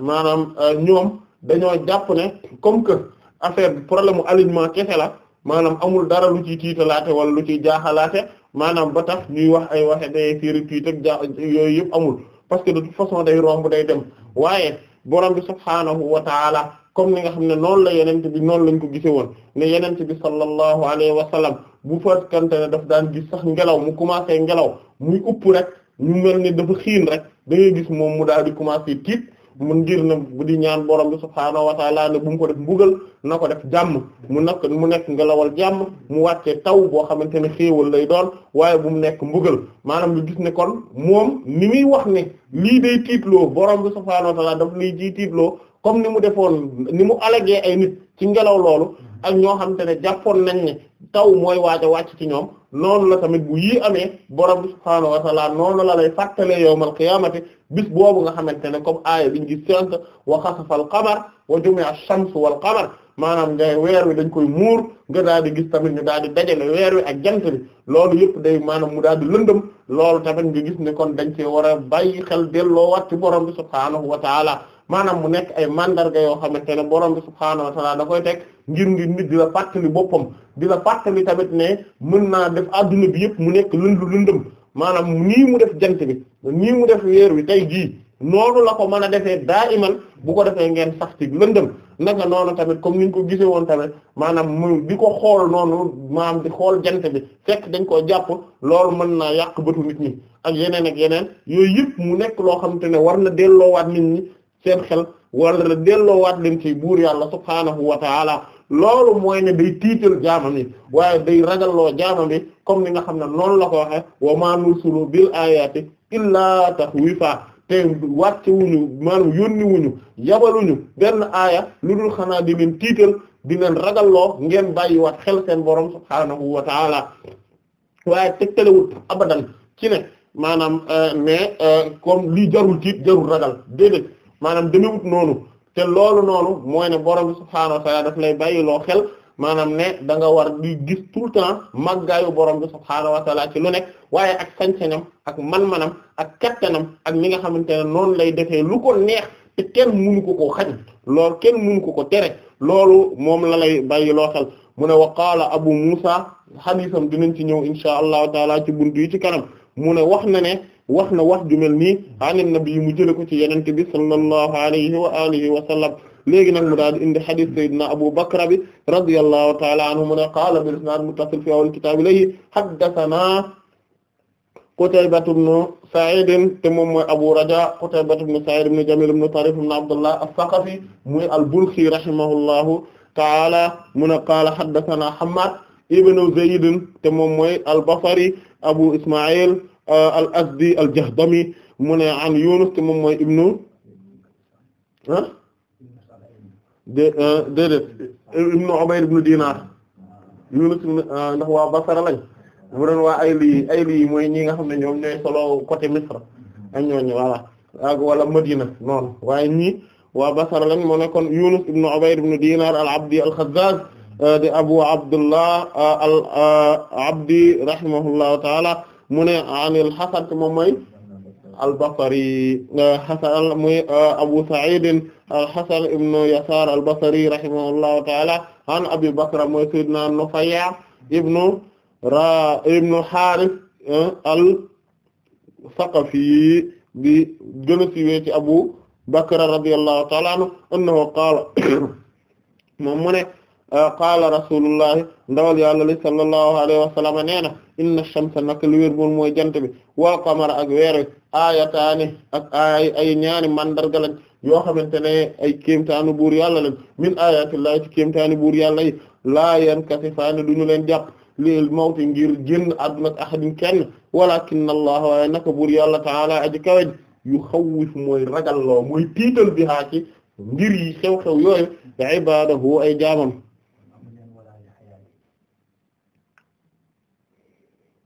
[SPEAKER 2] maanaam ñoom dañoo jàpp ne comme que affaire problème u alignement kese la maanaam amul dara lu ciy tiitalaate wala lu ciy jaaxalaate maanaam ba tax ñuy wax ay waxe day fiiri tiit ak jaa yooyu yëpp amul parce que de toute façon day romb day dem waaye borom bi subhaanahu wa taala comme ni nga xam ne noonu la yenente bi noonu lañ ko gise woon ne yenente bi sallallahu alayhi wa sallam bu fatkante ne daf daan gis sax ngelaw mu commencé ngelaw muy upp rek ñu mel ni dafa xiin rek da ngay gis moom mu daal di commencé tiit mun ngir na bu di ñaan borom bi subhaanahu wa taala bu mu ko na ko def jàmm mu nak mu nekk ngelawal jàmm mu wàccee taw boo xamante ne xéewal lay doon waaye bu mu nekk mbugal maanaam lu gis ne kon moom ni muy wax ne lii day tiitloo borom bi subhaanahu wa taala daf lii ji tiitloo comme ni mu defoon ni mu alagee ay nit ci ngelaw loolu ak ñoo xamante ne jàppoon nañ ne taw mooy waaj a wàcc ci ñoom noonu la tamit bu yii amee borom subhaanahu wa ta'ala noonu la lay fàttalee yawmal qiyaamati bis boobu nga xamante ne comme aaya biñ gis sànq wa xasafa al qamar wa jumi'a ash-shamsu wal qamar maanaam ngay weer wi dañ koy muur nga daal di gis tamit ñu daal di dajale weer wi ak jant bi loolu yëpp day maanaam mu daal di lëndëm loolu tamit nga gis ne kon dañ cee war a bàyyi xel delloo wat ci borom bi subhaanahu wa ta'ala maanaam mu nekk ay màndarga yoo xamante ne borom bi subhaanahu wa ta'ala da koy teg ngir ngir nit di la fàttali boppam di la fàttali tamit ne mën naa def adduna bi yëpp mu nekk lënd lëndëm maanaam nii mu def jant bi nii mu def weer wi tey jii noonu la ko mën a defee daa iman bu ko defee ngeen sax ci lëndëm naka noonu tamit comme ni ñu ko gisee woon tamit maanaam mu di ko xool noonu maanaam di xool jant bi fekk dañ koo jàpp loolu mën naa yàq bëtu nit ñi ak yeneen ak yeneen yooyu yëpp mu nekk loo xamante ne war na delloowaat nit ñi seen xel wala delloowaat leen ci buur yàlla subhaanahu wa taala loolu mooy ne day tiital jaamam yi waaye day ragalloo jaamam yi comme ni nga xam ne noonu la ko waxe wa maa nursulu bil ayaati illaa taxwiifa te wàcce wuñu maanaam yónni wuñu yabaluñu benn aaya lu dul xanaa di leen tiital di leen ragalloo ngeen bàyyi waat xel seen borom subhaanahu wa taala waaye tegtalewut abadan ci ne maanaam euh, euh, mais lii jarul tiit jarul ragal déedéet maanaam demewut noonu te loolu noonu mooy ne borom bi subhaanahu wa ta'ala daf lay bàyyiloo xel maanaam ne danga nga war di gis tout le temps màggaayu borom bi subhaanahu wa ta'ala ci lu nekk waaye ak sañ ak man-manam ak kattanam ak mi nga xamante ne noonu lay defee lu ko neex te kenn mënu ko ko xañ loolu kenn mënu ko ko tere loolu moom la lay bàyyiloo xel mu ne wa qaala abu musa xadiisam dinañ ci ñëw insha allahu taala ci buntu yi ci kanam mu ne wax na ne wax na wax ju mel nii an nabi mu jële ko ci yenente bi sallallahu alayhi wa alihi wa sallam léegi nag mu daal di indi hadith sayyidina Abu Bakr bi radiyallahu ta'ala anhu mu ne qaala bil isnad muttasil fi awwal kitab ilayhi haddathana Qutayba ibn Sa'id te moom mooy Abu Raja Qutayba ibn Sa'id ibn Jamil ibn Tarif ibn Abdullah as-Saqafi muy al-Balkhi rahimahullahu ta'ala mu ne qaala haddathana Hammad ibnu Zayd te moom mooy al-Basri Abu Isma'il euh, al-Azdi al-Jahdami mu ne an Yunus te moom mooy ibnu ah dé euh, déedéet ibnu Ubayd ibnu Dinar Yunus euh, ndax waa Basra lañ mu doon waa Ayli Ayli mooy ñi nga xam ne ñoom ñooy solo côté Misra ak ñooñu voilà wala Madina noonu waaye ñii waa Basra lañ mu ne kon Yunus ibnu Ubayd ibnu Dinar al-Abdi al-Khazzaz Euh, di abu abdullah euh, al euh, abdi rahimahullahu taala mu ne anil hasan moom mooy al-Basri Hasan muy Abu Sa'id al-Hasan ibn Yasar al-Basri rahimahullahu ta'ala an Abi Bakra mooy sayyidina Nufay' ibn Ra ibn Harith al-Thaqafi bi gën a siiwee ci Abu Bakra radiyallahu ta'ala anhu annahu qaala <coughs> moom mu ne Euh, qaala rasulullahi ndawal yàlla li na inna shamsa naka li wér moom mooy jant bi wal qamara ay ay ñaari mandarga lañ yoo xamante ne ay kéemtaanu buur yàlla lañ min aayatillahi ci kéemtaani buur yàlla yi laa yankasifaani duñu leen jàpp lil mawti ngir génn àdduna ak ahadin kenn walakinna allah waaye naka buur yàlla taala aji kawaj yu xawwif mooy ragalloo mooy tiital bi haa ci ngir yi xew-xew yooyu ibadahu ay jaamam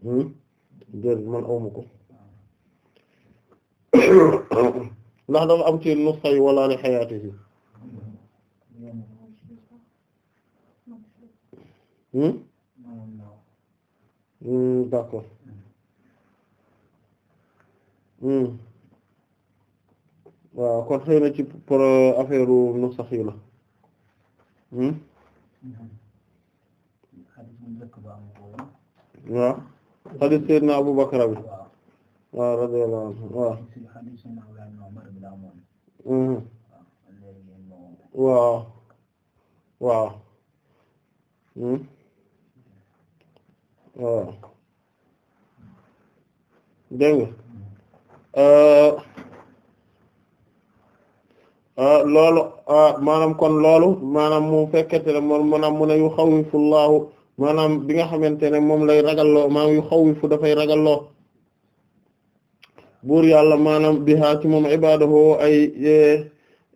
[SPEAKER 2] Hmm? déedéet man aw ma ko ndax dafa am ci nusxa yi wala li xayaati yi hmm? hmm, waaw kon xëy na ci pour affaire nusxa hadith sayyidina Abu Bakr bi waaw radiyallahu anhu waaw mhm.
[SPEAKER 1] waaw waaw
[SPEAKER 2] hmm? waaw dégg ah, loolu ah, maanaam kon loolu maanaam mu fekkete ne maanaam mu ne yu xawifu maanaam li nga xamante ne moom lay ragaloo ragalloo maanaam yu xawwifu dafay ragalloo buur yàlla maanaam bihaa ci moom ibaadahu ay e,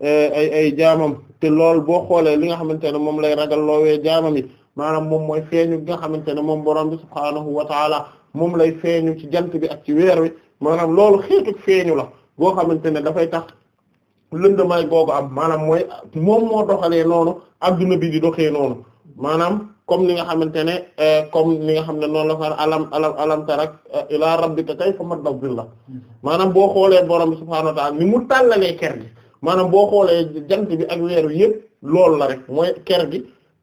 [SPEAKER 2] e, ay ay jaamam te lool boo xoolee li nga xamante ne moom lay ragalloowee jaamam yi maanaam moom mooy feeñu bi nga xamante ne moom borom bi subhaanahu wa taala moom lay feeñu ci jant bi ak ci weer wi maanaam loolu xeetu feeñu la boo xamante ne dafay tax lëndamaay googu am maanaam mooy moom moo doxalee noonu adduna bi di doxee noonu comme ni nga xamante ne euh, comme ni nga xam ne noonu la ko alam alam alam tarak euh, ila rabbika kayfa madda dhilla maanaam boo xoolee borom bi subhaanahu wa ta'ala ni mu tàllalee ker gi maanaam boo xoolee jant bi ak weer wi yëpp loolu la rek mooy ker gi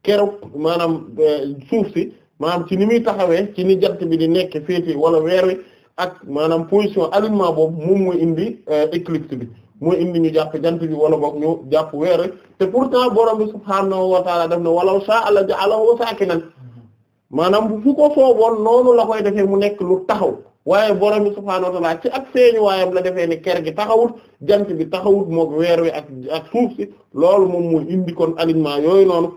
[SPEAKER 2] keru maanaam euh, suuf si maanaam ci ni muy taxawee ci ni jant bi di nekk féete wala weer wi ak maanaam position alignement boobu moom mooy indi éclipse bi mooy indi ñu jàpp jant bi wala boog ñu jàpp weer te pourtant borom bi subhaanahu wa taala def na walaw sha'a la ja'alahu saakinan maanaam bu fu ko sooboon noonu la koy defee mu nekk lu taxaw waaye borom bi subhaanahu wa taala ci ak feeñu waayam la defee ni ker gi taxawut jant bi taxawut moog weer wi ak ak suuf si loolu moom mu indi kon alignement yooyu noonu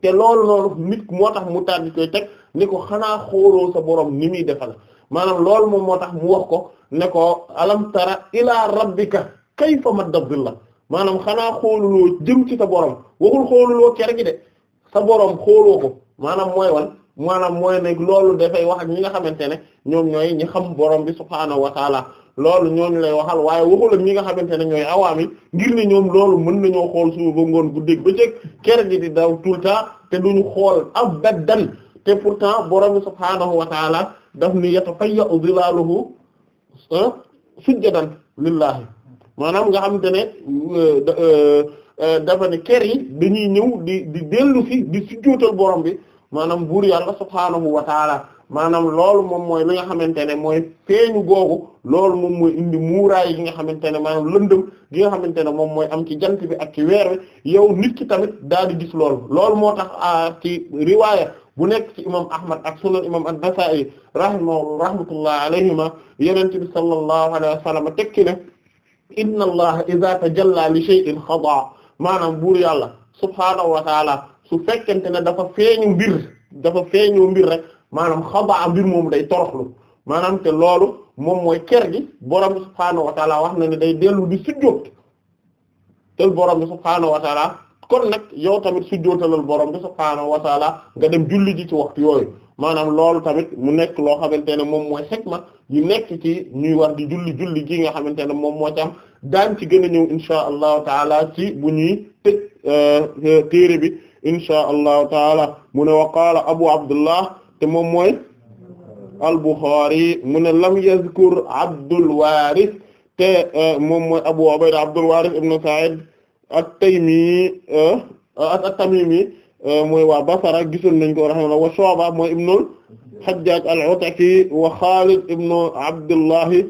[SPEAKER 2] te loolu noonu nit moo tax mu tàgg koy teg ni ko xanaa xooloo sa borom ni muy defal maanaam loolu moom moo tax mu wax ko ne ko alam tara ilaa rabbika mat kayfa maddabillah maanaam xanaa xooluloo jëm ci sa borom waxul xooluloo ker gi de sa borom xooloo ko maanaam mooy wan maanaam mooy ne loolu dafay wax ak ñi nga xamante ne ñoom ñooy ñi xam borom bi subhaanahu wa taala loolu ñooñu lay waxal waaye waxul ak ñi nga xamante ne ñooy awaam yi ngir ne ñoom loolu mën nañoo xool suba ba ngoon guddeeg bëccëg ker gi di daw tout le temps te duñu xool abadan te pour pourtant borom bi subhaanahu wa taala daf ni yatafayyu zilaaluhu ah, sujjadan lillahi maanaam nga xam ne euh, euh, euh, dafa ne ker yi dañuy ñëw di di dellu si di sujjóotal borom bi maanaam buur yàlla subhaanahu wa taala maanaam lool moom mooy li nga xamante ne mooy feeñu googu loolu moom mooy indi muuraay yi nga xamante ne maanaam lëndëm gi nga xamante ne moom mooy am ci jant bi ak ci weer wi yow nit ki tamit daal di gis loolu loolu moo tax ah, ci riwaaya bu nekk ci imam ahmad ak sunan imam an-Nasa'i rahimahu rahmatullah alayhima yenente bi sallallahu alayhi wa sallam tekki ne inna allaha idha tajalla li shay'in xadaa maanaam buur yàlla subhaanahu wa taala su fekkente ne dafa feeñu mbir dafa feeñu mbir rek maanaam xadaa mbir moom day toroxlu maanaam te loolu moom mooy ker gi borom bi subhaanahu wa wax na ne day dellu di sujjóot tel borom bi subhaanahu wa nag yow tamit sujjóotalal borom bi nga dem julli ji ci waxtu yooyu maanaam loolu tamit mu nekk loo xamante ne moom mooy xekma yu nekk ci ñuy war di julli julli jii nga xamante ne moom moo ci am daan ci gën a ñëw insha allahu taala ci bu ñuy tëj euh, euh, téere bi insha allahu taala mu ne wa qaala abu abdullah te moom mooy al-Bukhari mu ne lam yazkur Abdul te euh, moom mooy Abu Ubayda Abdul ibn Sa'id at Euh, mooy waa Basra gisoon nañ ko rahimahullah wa Shu'ba mooy ibnul Hajjaj al-Ataki wa Khalid ibnu Abdullahi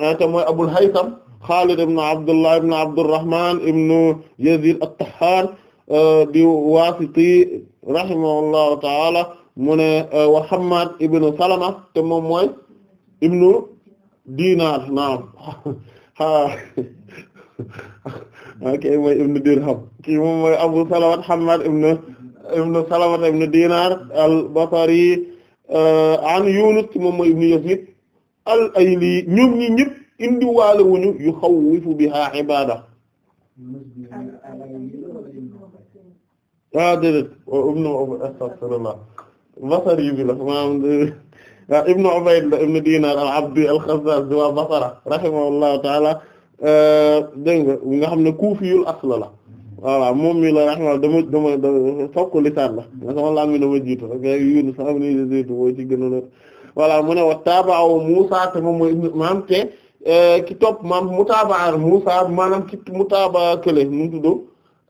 [SPEAKER 2] euh, te mooy Abul Haytham Khalid ibnu Abdullahi ibnu Abdurrahman ibnu Yazid at-Tahhan euh, di Wasiti rahimahullahu ta'ala mu ne wa Hammad ibnu Salama te moom mooy ibnu Dinar naam <laughs> <laughs> kii mooy ibnu Dirham kii moom mooy Abu Salawat Hammad ibnu ibnu Salawat ibnu Dinar al-Basri eh, an Yunus moom mooy ibnu Yazid al-Ayli ñoom ñi ñëpp indi waale wuñu yu xawwifu biha ibada ah déedéet oh, ibnu astaghfirullah Basri bi la maanaam ah, ibnu Ubayd ibnu Dinar al-Abdi al-Khazzaz wa Basra rahimahullahu ta'ala Euh, dégg nga nga xam ne kuufiyul asla la voilà moom mi la raxmal dama dama dama sokk lisaan la nga sama laam mi dama jiitu rek mu ne wa taaba mu te moom mooy maam te euh, ki topp maam mutaabaa Muusaa maanaam ki mutaabaa kële nu mu tudd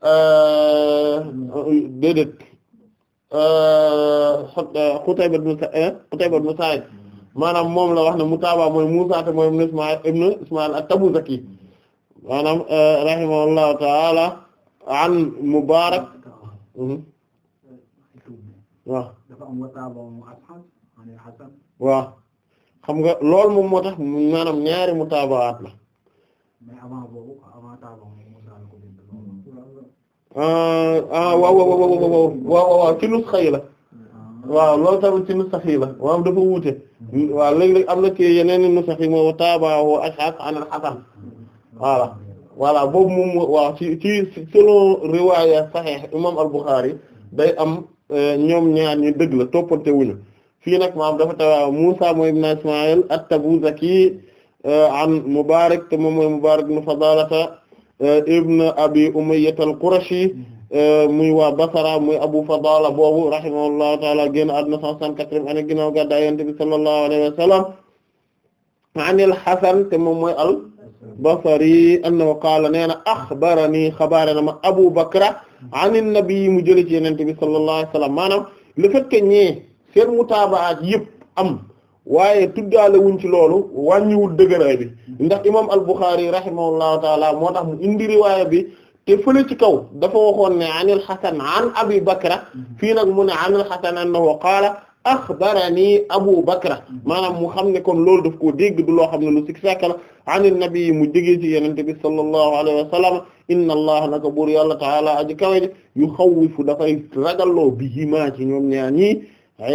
[SPEAKER 2] euh, déedéet moom la wax ne mutaabaa mooy Muusaa te mooy ibn Ismaïl ibn Ismaïl at maanaam eh, rahimahullahu taala an Mubarak mhm. waaw waaw xam nga loolu moom moo tax maanaam ñaari mutaabaat la ah, ah waaw waaw waaw waaw waaw waaw ci nusxa yi la ah. waaw loolu tamit ci nusxa yi la waaw dafa wuute hmm. waaw léeg-léeg am na ci yeneen nusxa yi moo taabaahu ash'ath an al-hasan voilà voilà boobu moom waaw ci ci selon riwaaya Sahih imam al-Bukhari day am euh, ñoom ñaar ñi dëgg la toppante wuñu fii nag maam dafa tawa Musa mooy ibn Ismaïl at-Tabuzaki euh, an Mubarak te moom mooy Mubarak ibn Fadalata euh, ibn Abi Umayya al-Qurashi muy waa Basra muy Abu Fadala boobu rahimahullahu taala génn àdduna 164 ane ginnaaw gàddaay Yonent bi sallallahu alayhi wa sallam al-Hasan te moom mooy al basari annahu qaala nee na axbarani xabaare na ma Abu Bakra an nabi mu jële ci Yonent bi sallallahu alayhi wa sallam maanaam le fait que ñee seen mutaabaat yëpp am waaye tuddaale wuñ ci loolu wàññiwul dëgëraay bi ndax imaam al-Bukhari rahimahullahu taala moo tax indi riwaaya bi te fële ci kaw dafa waxoon ne anil Hasan an Abi Bakra fii nag mu ne anil Hasan annahu qaala axbarani Abu Bakra maanaam mu xam ne kon loolu daf koo dégg du loo xam ne lu sik sàkk la anin nabi mu jege ci yenente bi sallallahu alayhi wa sallam inna allah naka buur yàlla taala aji kawaje yu xawwifu dafay ragalloo bihimaa ci ñoom ñaar ñii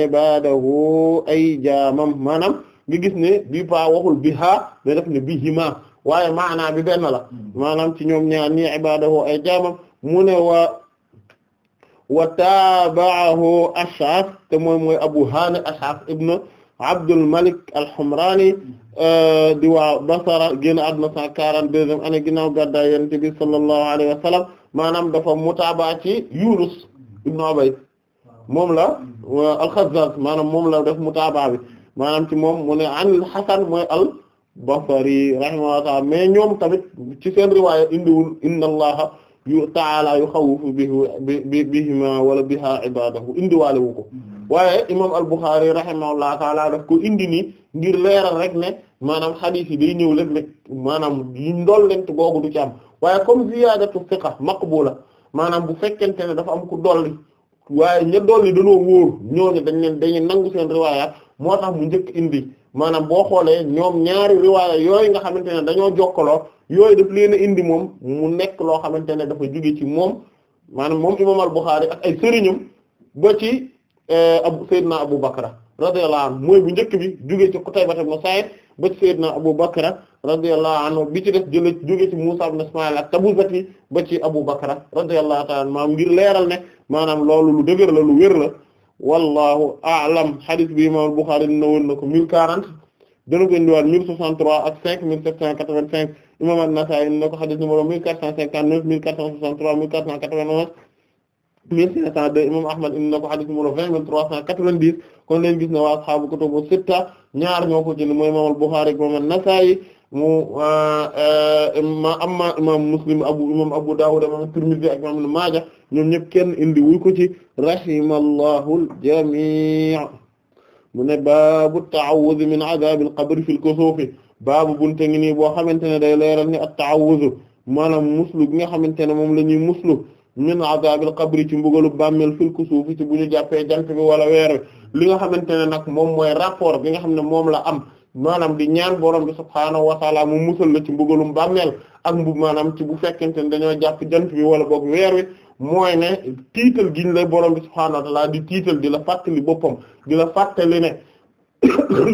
[SPEAKER 2] ibadahu ay jaamam maanaam nga gis ne bi pa waxul bihaa da def ne bihimaa waaye maanaa bi be la maanaam ci ñoom ñaar ñii ibadahu ay jaamam mu ne waa wa taaba'ahu Ash'ath te moom mooy Abu Hani Ash'ath ibn Abdul Malik al-Humrani euh, di waa Basra génn àdduna 142e année ginnaaw gàddaay Yonent bi sallallahu alayhi wa sallam maanaam dafa mutaaba ci Yunus ibn Ubayd moom la al-Khazzaz maanaam moom la def mutaaba bi maanaam ci moom mu ne an al-Hasan mooy al-Basri rahimahullah mais ñoom tamit ci seen riwaaya indiwul inna Allaha yu taala yu xawufu bi bi bihima wala biha ibadahu indiwaale wu ko hmm. waaye imam al-Bukhari rahimahullah taala daf ko indi nii ngir leeral rek ne maanaam xadiis yi day ñëw léeg-léeg maanaam yi ndool lent googu du ci am waaye comme ziyaadatu thiqa maqbula maanam bu fekkente ne dafa am ku dolli waaye ña dolli danoo wóor ñooñu dañ leen dañuy nangu seen riwaayaat moo tax mu njëkk indi maanaam boo xoolee ñoom ñaari riwaaya yooyu nga xamante ne dañoo jokkaloo yooyu daf leen indi moom mu nekk loo xamante ne dafa jóge ci moom maanaam moom imaam al-Bukhari ak ay sëriñam ba ci eh, ab Seydina Abu Bakra radiyallahu anhu mooy bu njëkk bi jóge ci Qutayba ibn Sa'id ba ci Seydina Abu Bakra radiyallahu anhu bi ci def jële jóge ci Musa ibn Ismail ak Tabuzaki ba ci Abu Bakra radiyallahu ta'ala maanaam ngir leeral ne maanaam loolu lu dëgër la lu wér la wallahu a'lam hadith bi imam Bukhari dina woon na ko 1040 dana ko indiwaat 1063 ak 5 1785 imam An-Nasa'i na ko hadith numéro 1459 1463 1491 1502 imam Ahmad indi na ko hadith numéro 20 390 kon leen gis ne waa ashaabu kutubu sitta ñaar ñoo ko jël mooy imam Bukhari ak imam An-Nasa'i mu amma ah, ah, imam Muslim abu imam Abu Dawud imam Tirmidhi ak imam Ibn Maaja ñoom ñëpp kenn indi wuy ko ci rahimallahu al-jamii mu ne baabu at-ta'awwudh min 'adhab al-qabr fi al-kusuf baabu bunte ngi nii boo xamante ne day leeral a at-ta'awwudh maanaam muslu gi nga xamante ne moom la ñuy muslu min 'adhab al-qabr ci mbugalu bàmmeel fi al-kusuf ci bu ñu jàppee jant bi wala weer wi li nga xamante ne nag moom mooy rapport bi nga xam ne moom la am maanaam di ñaan borom bi subhaanahu wa taala mu musal la ci mbugalum bàmmeel ak mbu maanaam ci bu fekkente ne dañoo jàpp jant bi wala boog weer wi mooy ne tiital giñ lay borom bi subhaanahu wa di tiital di la fàttali boppam di la fàttali ne <coughs>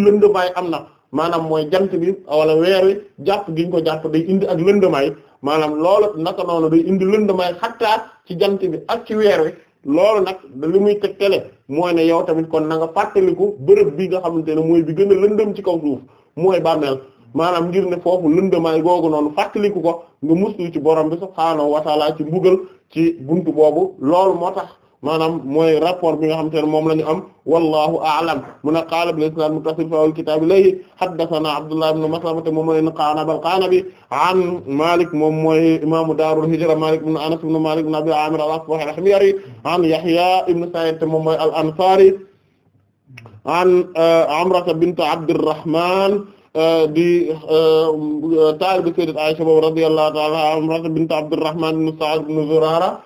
[SPEAKER 2] lëndëmaay am na maanaam mooy jant bi wala weer wi jàpp giñ ko jàpp day indi ak lëndëmaay maanaam loolu naka noonu day indi lëndëmaay xattaa ci jant bi ak ci weer wi loolu nag da li muy tegtale mooy ne yow tamit kon nanga nga fàttaliku bërëb bi nga xamante ne mooy bi gën a lëndëm ci kaw suuf mooy bàmmeel maanaam ngir ne foofu lëndëmaay googu noonu fàttaliku ko nga muslu ci borom bi subhaanahu wa taala ci mbugal ci bunt boobu loolu moo tax maanaam mooy rapport bi nga xam te ne moom la ñu am wallahu a'lam mun a qaala bil isnad muttasil fi awwal kitaab ilayhi haddathana Abdullah ibn Maslama te moom mooy Qa'nab al-Qa'nabi an Malik moom mooy imaamu daarul hijra Malik ibn Anas ibn Malik ibn Abi Amir al-Asbahi al-Himyari an Yahya ibn Sa'id te moom mooy al-Ansari an uh, Amrata bint Abdurrahman uh, di uh, taalibu sayyidat Aisha boobu radiyallahu ta'ala Amrata bint Abdurrahman ibn Sa'd ibn Zurara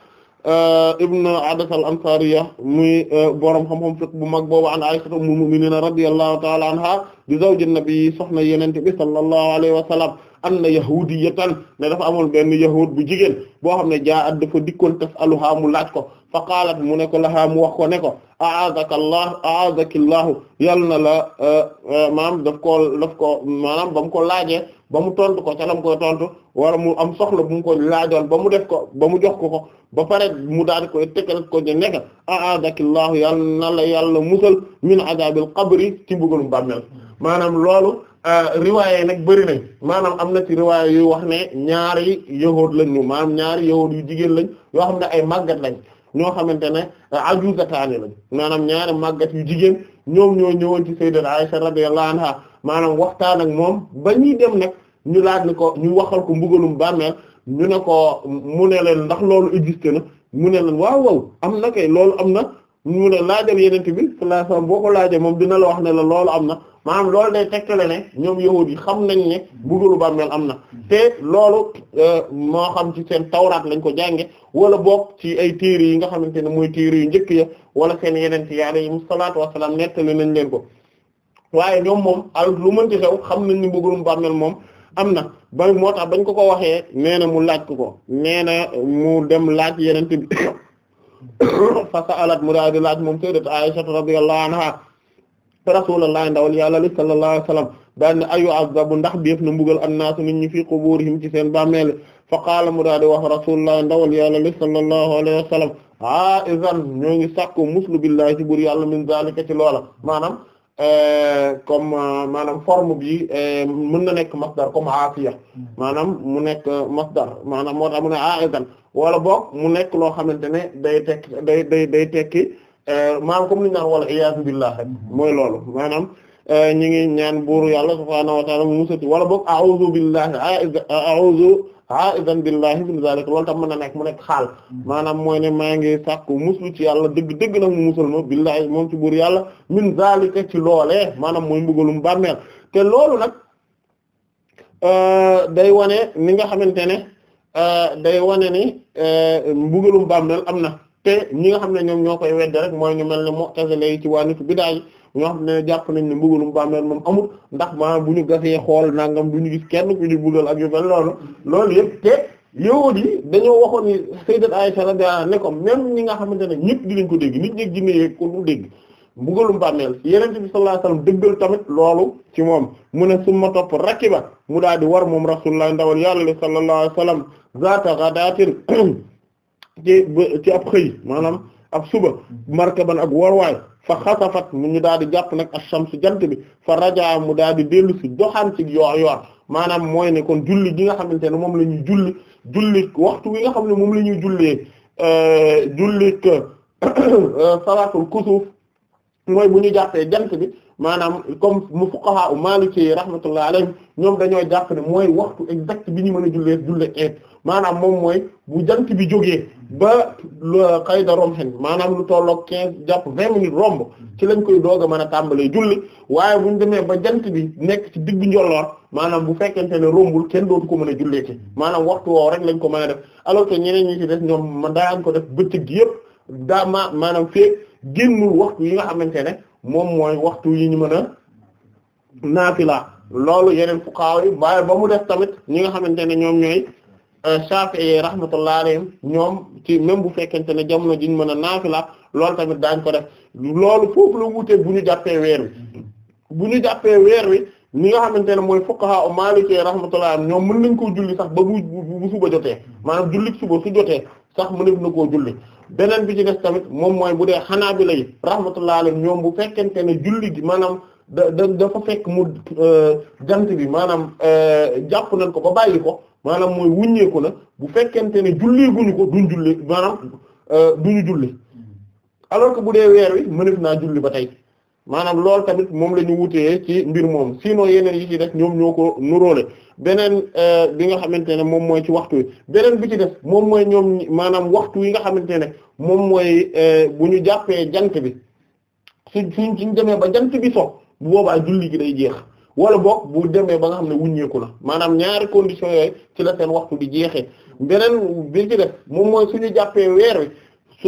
[SPEAKER 2] ibn Adas al-Ansariya muy borom xam-xam fiqh bu mag boobu an Aisha ummul mu'minin radiyallahu ta'ala anha di zawj an-nabi soxna yenente bi sallallahu alayhi wa sallam an na yahudiyatan ne dafa amoon benn yahud bu jigéen boo xam ne jaa at dafa dikkoon tas'aluha mu laaj ko fa qaalat mu ne ko lahaa mu wax ko ne ko a'aadaka allah a'aadaki llahu yal na la eh, eh, maanaam daf koo daf ko maanaam ba ko laajee ba mu tontu ko ca koy tontu wala mu am soxla bum mu ko laajoon ba mu def ko ba mu jox ko ko ba pare mu daal koy tegal ko ne nekk a'aadaki llahu yal na la yàlla musal min adaabil qabri ci mbugalum bàmmeel hmm. maanaam loolu Euh, riwaayé nag bëri nañ maanaam am na ci riwaayé yuy wax ne ñaari yahuud lañ ñu maanaam ñaari yahuud yu jigéen lañ yoo xam ne ay màggat lañ ñoo xamante ne euh, ajuzataani lañ maanaam ñaari màggat yu jigéen ñoom ñoo ñëwoon ci sayyidat Aisha radiyallahu anha maanaam waxtaan ak moom ba ñuy dem nag ñu laaj ni ko ñu waxal ko mbugalum bàmmeel ñu ne ko mu ne leen ndax loolu existé na mu ne leen waaw waaw am na kay loolu am na mu ne laajal yenente bi sallallahu alayhi wasallam boo ko laajee moom dina la wax ne la loolu am na maanaam loolu day tegtale ne ñoom yahuud yi xam nañ ne buggalu bàmmeel am na te loolu euh, moo xam ci seen tawraat lañ ko jànge wala bokk ci ay téere yi nga xamante ne mooy téere yu njëkk ya wala seen yeneen yi alayhim salaatu wassalaam nettali nañ leen ko waaye ñoom moom al lu mënti xew xam nañ ni buggalu bàmmeel moom am na ba moo tax bañ ko ko waxee nee na mu laaj ko ko nee na dem laaj yenente bi <coughs> <coughs> fa sa'alat mu daal di laaj moom sayyidat Aisha radiyallahu anha rasulullah ndawal yàlla li sallallahu alayhi wasallam daal ne ayu azabu ndax def na mbugal annaasu nit ñi fii quburihim ci seen bàmmeel fa qaala mu wax rasulullah ndawal yàlla li sallallahu wasallam ah izan ñoo ngi muslu billahi ci buur min zalika ci loola maanaam Eh, comme euh, maanaam forme bi eh, mën na nekk masdar comme aafiya hmm. maanaam mu nekk euh, masdar maanaam moo tax mu ne aizan wala boog mu nekk loo xamante ne day tekki day day day tekki eh, maanaam comme li ñu naan wala iyaazu billah hmm. mooy loolu maanaam ñi ngi ñaan buuru yàlla subhaanahu wa ta'aala mu musati wala boog a'uuzu billahi a'uuzu aidan billahi min zalik loolu tam mën na nekk mu nekk xaal mm-hmm. maanaam mooy ne maa ngi sàkku muslu ci yàlla dëgg dëgg na mu musal ma billahi moom ci buur yàlla min zalika ci loole maanaam mooy mbugalum bàmmeel te loolu nag euh, day wane ni nga xamante ne euh, day wane ni euh, mbugalum bàmmeel am na te ñi nga xam ne ñoom ñoo koy wedde rek mooy ñu mel ne mu'tazila yi ci waa nitu biddaa ñoo xam ne jàpp nañ ne mbugalum bàmmeel moom amul ndax maa bu ñu gasee xool nangam du ñu gis kenn ku ñu mbugal ak yu mel loolu lool yëpp te yahuud yi dañoo waxoon ni sayyidat Aisha radiyallahu anha ne ko même ñi nga xamante ne ñëpp dinañ ko dégg nit ñeeg jinne ko du dégg mbugalum bàmmeel yenente bi sallallahu alayhi wasallam dëggal tamit loolu ci moom mu ne summa topp rakiba mu daal di war moom rasulullah ndawal yàlla li sallallahu alayhi wasallam zaata ghadatin ci ci ab xëy maanaam ab suba markaban ak warwaay fa xasafat mu ñu daal di jàpp nag ash-shamsu jant bi fa rajaa mu daal di dellu si doxaan ci yoor maanaam mooy ne kon julli gi nga xamante ne moom la ñuy julli julli waxtu wi nga xam ne moom la ñuy jullee jullik salatul moy mooy bu ñu jàppee jant bi maanaam comme mu fuqaha u maliki rahmatullah alayhim ñoom dañoo jàpp ne mooy waxtu exact bi ñu mën a jullee jullee eet maanaam moom mooy bu jant bi jógee ba xayda romxen maanaam lu tolloog quinze jàpp vingt minutes romb ci lañ koy doog a mën a tàmbalee julli waaye bu ñu demee ba jant bi nekk ci diggu njolloor maanaam bu fekkente ne rombul kenn dootu ko mën a jullee ci maanaam waxtu woow rek lañ ko mën a def alors que ñeneen ñi ci def ñoom daan ko def bëccëg yëpp daa ma maanaam feeg génnul waxtu yi nga ne moom mooy waxtu yi ñu mën a naafila loolu yeneen fuqahaa yi waaye ba mu def tamit ñi nga xamante ne ñoom ñooy euh, Shafi'i rahmatullah alayhim ñoom ci même bu fekkente ne jamono ji mën a naafila loolu tamit daañ ko def loolu foofu bu ñu jàppee weer bu ñu jàppee weer wi ñi nga xamante ne mooy fuqaha Maliki rahmatullah ñoom mën nañ koo julli sax ba bu bu suba jotee maanaam julli suba su jotee sax mëneef na koo julli beneen bi ci des tamit moom mooy bu dee xanaa Hanaabila yi rahmatullahi alayhim ñoom bu fekkente ne julli gi maanaam da da dafa fekk mu euh, jant bi maanaam euh, jàpp nañ ko ba bàlli ko maanaam mooy wuññeeku na bu fekkente ne julli guñu ko duñ julli maanaam euh, duñu julli hmm. alors que bu dee weer wi mëneef naa julli ba tey maanaam loolu tamit moom la ñu wutee ci mbir moom noo yeneen yi ci def ñoom ñoo ko nuróole beneen euh, bi nga xamante ne moom mooy ci waxtu wi beneen bi ci def moom mooy ñoom maanaam waxtu wi nga xamante ne moom mooy euh, bu ñu jàppee jant bi su suñ suñ demee ba jant bi so bu boobaa julli gi day jeex wala boog bu demee ba nga xam ne wuññeeku na maanaam ñaari conditions yooyu ci la seen waxtu di jeexee beneen bi ci def moom mooy suñu jàppee weer wi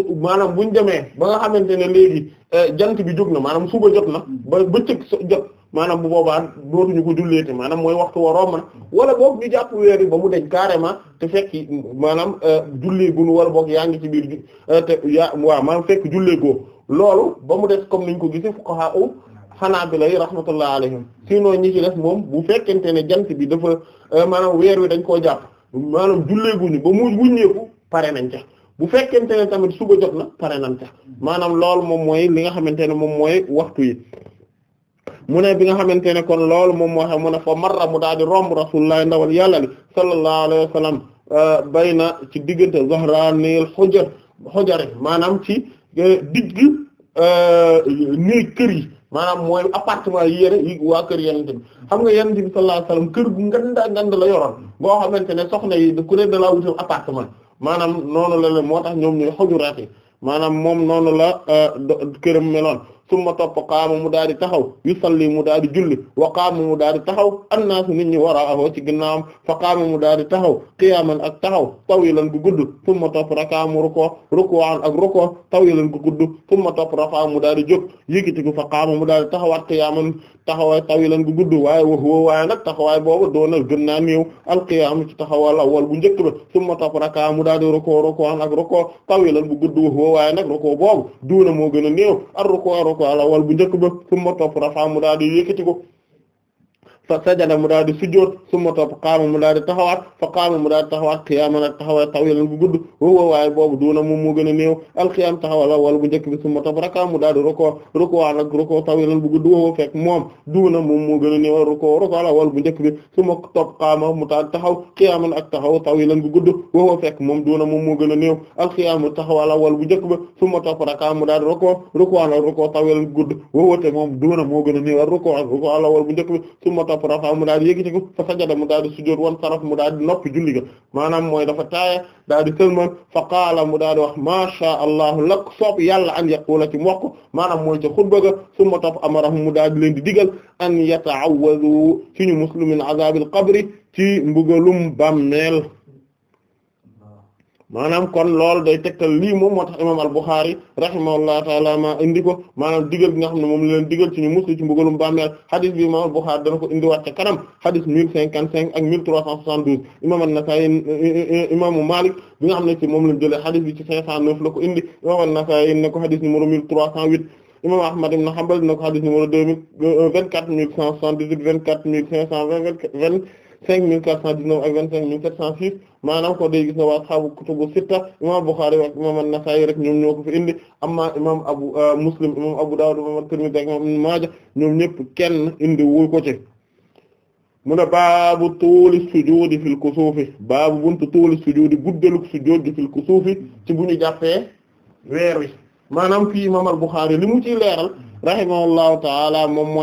[SPEAKER 2] su maanaam buñ demee ba nga xamante ne léegi eh, jant bi jóg na maanaam suba jot na hmm. ba bëccëg jot maanaam bu boobaa dootuñu ko julleete maanaam mooy waxtu wa romb wala boog ñu jàpp weer yi ba mu deñ carrément te fekk maanaam eh, jullee gunu wala boog yaa ngi ci biir eh, te yaa waaw maanaam fekk jullee goo loolu ba mu des comme niñ ko gisee fuqaha u Hanabila yi rahmatullah alayhim sinon ñi ci des moom bu fekkente ne jant bi dafa maanaam weer wi dañ koo jàpp maanaam julleeguñu ba mu ne wuññeeku pare nañ ca bu fekkente ne tamit suba jot na pare nañ ca maanaam loolu moom mooy li nga xamante ne moom mooy waxtu yi mu ne bi nga xamante ne kon loolu moom moo xam mu foo fa marra mu daal di romb rasulullah ndawal yàlla li sallallahu alayhi wa sallam euh, bayna ci diggante zahranil xojar xojare maanaam ci euh, digg euh, néeg kër yi maanaam mooy appartement yi yére yi waa kër yenente bi xam nga yenente bi sallallahu alayhi kër gu nganda ngand la yoroon boo xamante ne soxna yi ku ne da laa wutal appartement maanaam noonu la la moo tax ñoom ñooy xujuraat maanaam moom noonu la euh, këram meloon summa topp qaama mu daal di taxaw yusalli mu daal di julli wa qaama mu daal di taxaw annaasu nit ñi waraahu ci ginnaawam fa qaama mu daal di taxaw qiyaaman ak taxaw tawilan gu gudd summa topp rakaa mu rukkoo rukuwaan ak rukkoo tawilan gu gudd summa topp rafaa mu daal di jóg yëkkati ko fa qaama mu daal di taxawaat qiyaaman taxawaay tawilan gu gudd waaye wa huwa waaye nag taxawaay boobu doonal gën naa néew alqiyaam ci taxawal awal bu njëkk ba summa topp rakaa mu daal di rukkoo rukuwaan ak rukkoo tawilan gu gudd wa huwa waaye nag rukkoo boobu duuna moo gën a néew ar rukkoo ko alawal bu njëkk ba summa topp rafa mu daal di yëkkati ko fa sajada mu daal di sujjóot summa topp qaama mu daal di taxawaat fa qaama mu daal di taxawaat qiyaaman ak taxawaay tawilan bu gudd woowa waaye boobu duuna moom a néew alqiyaam taxawal wala bu njëkk bi summa topp raka mu daal di roko roko nag roko tawilan bu gudd woowa fekk moom duuna moom moo a néew bu njëkk bi summa topp qaama mu daal di taxaw qiyaaman ak taxaw tawilan bu gudd woowa fekk moom duuna moom moo gën a néew mu daal di roko roko nag roko bu gudd a topp rafa mu daal di yëkkati ko fa sajada mu daal di sujjóot wan saraf mu daal di noppi julli ga maanaam mooy dafa taaya daal di sëlman fa qaala mu daal di wax maasha allah lak soob yàlla an yaqula ci mu wax ko maanaam mooy ca xutba ga summa topp amarahum mu daal di leen di digal an yataawadu ci ñu muslimin azabil qabri ci mbugalum bàmmeel maanaam kon loolu day tegtal lii moom moo tax imam al-Bukhari rahimahullahu taala maa indi ko maanaam digal bi nga xam ne moom la leen digal ci ñu musli ci mbugalum bàmmeel hadith bi imam al-Bukhari dana ko indi waat ca kanam hadith mille cinquante cinq ak mille trois cent soixante douze imam an-Nasa'i imaamu Malik bi nga xam ne ci moom lañ jëlee hadith ci cinq cent neuf la ko indi imam an-Nasa'i ne ko hadith numéro mille trois cent huit imam Ahmad cinq mille quatre cent dix-neuf ak vingt-cinq mille sept cent six maanaam ko day gis ne waa ashaabu kutubu sitta imam Bukhari ak imam An-Nasa'i rek ñoom ñoo ko fi indi amma imam Abu euh, Muslim imam Abu Dawud imam Tirmidhi ak imam Ibn Maaja ñoom ñëpp kenn indi wu ko ci mu ne baabu tuuli sujuudi fil kusuufi baabu buntu tuuli sujuudi guddeluk sujuudi fil kusuufi ci bu ñu jàppee weer wi maanaam fii imam Al-Bukhari li mu ciy leeral rahimahullahu taala moom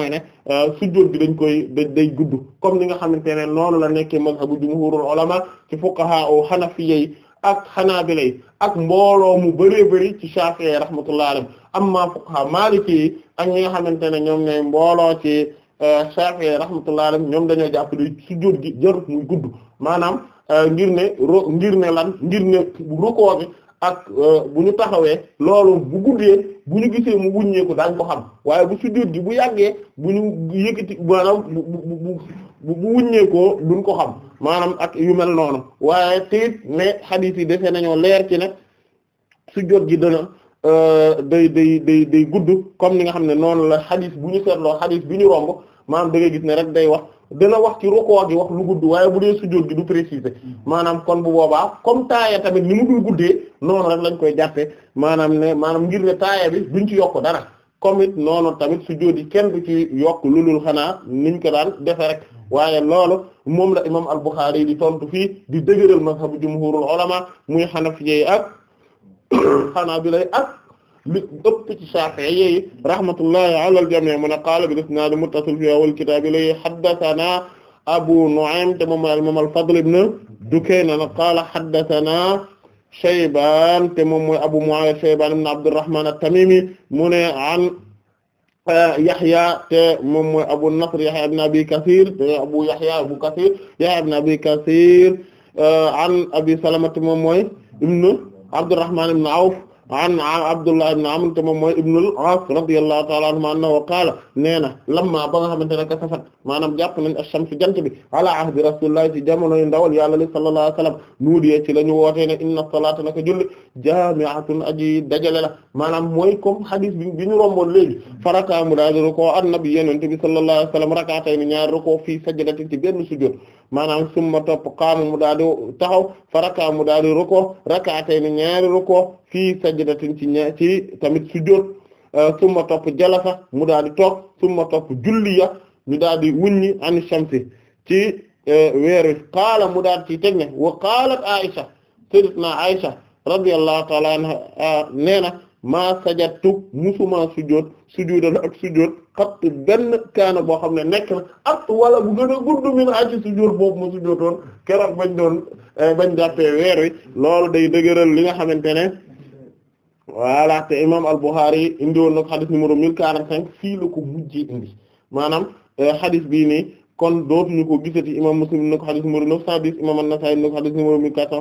[SPEAKER 2] Euh, sujjóot bi dañ koy day gudd comme ni nga xamante ne noonu la nekke moom nekkee mazhabu jumhurul ulama ci fuqaha o hanafiyyi ak xanaabilay ak mbooloo mu bëree bëri ci Shafi'i rahmatullahi alayhi amma fuqaha maliki yi ak ñi nga xamante ne ñoom ñooy mbooloo ci euh, Shafi'i rahmatullahi alayhi ñoom dañoo jàpp ne sujjóot gi jarut muy gudd maanaam euh, ngir ne ngir ne lan ngir ne rukoo ak euh, bu ñu taxawee loolu bu guddee bu ñu gisee mu wuññeeku daañ ko xam waaye bu sujjóot gi bu yàggee bu ñu yëkkati maanaam bu bu bu bu wuññeekoo duñ ko xam maanaam ak yu mel noonu waaye teit mais xadiis yi defee nañoo leer ci ne sujjóot gi dana euh, day day day day gudd comme ni nga xam ne noonu la xadiis bu ñu seetloo xadiis bi ñu romb maanaam da ngay gis ne rek day wax dina wax ki rukoo gi wax lu gudd waaye bu dee sujjóot gi du préciser maanaam kon bu boobaa comme taaya tamit ni mu dul guddee noonu rek lañ koy jàppee maanaam ne maanaam ngir ne taaya bi duñ ci yokk dara comme noonu tamit sujjóot yi kenn du ci yokk lulul xanaa niñ ko daan defe rek waaye loolu moom la imam al yi di tontu fii di dëgëral mazhabu jumhurul ulama muy Hanafiyye ak <coughs> Hanabila ak li ëpp ci Shafi'i yi rahmatullahi ala al-jami' mu ne qaala bil isnaad muttasil fi awwal kitaab li haddathana Abu Nu'aym te moom al-imam al-Fadl ibn Dukayn qaala haddathana Shaybaan te moom mooy Abu Mu'awiya Shaybaan ibn Abdurrahman at-Tamimi mu ne an ah, Yahya te moom mooy Abu Nasr Yahya ibn Abi Kathir te Abu Yahya Abu Kathir Yahya ibn Abi Kathir ah, an Abi Salama te moom mooy ibn Abdurrahman ibn Awf an Abdullah ibn Amr te moom mooy ibnul As radiyallahu ta'ala anhuma annahu qaala nee na lamma ba nga xamante ne kasafat maanaam jàpp nañ ash-shamsu jant bi ala ahdi rasulillahi ci jamono yu ndawal yàlla li sallallahu alayhi wa sallam nuudiye ci la ñu wootee ne inna salaata naka julli jaami'atun aji dajale la maanaam mooy comme hadis bi bi ñu romboon léegi faraka mu daal di rukoo annabi yenente bi sallallahu alayhi wa sallam rakaatay ni ñaar rukoo fii sajdatin ci benn sujjóot maanaam summa topp qaama mu daal di taxaw faraka mu daal di rukoo rakaatay ni ñaari rukoo fii sajd sajdatin ci ña ci tamit sujjóot euh, summa topp jalasa mu daal di toog summa topp julliya ñu daal di wuññi an shamsi ci euh, weer wi mu daal ci teg ne wa qaalat Aisha sayyidatuna Aisha radiyallahu ta'ala anha euh, nee na maa sajadtu musuma sujjóot sujjóotal ak sujjóot xatt benn kaana boo xam ne nekk na at wala bu gën a gudd min sujjóot boobu ma bañ doon bañ jàppee weer wi day dëgëral li nga xamante voilà te imam al-Bukhari indi woon na ko xadis numéro 1045 fii la ko mujjee indi maanaam euh, xadis bii nii kon dootuñu ko gisati imam Muslim indi na ko xadis numéro 910 imam an-Nasa'i indi na ko ko xadis numéro 6631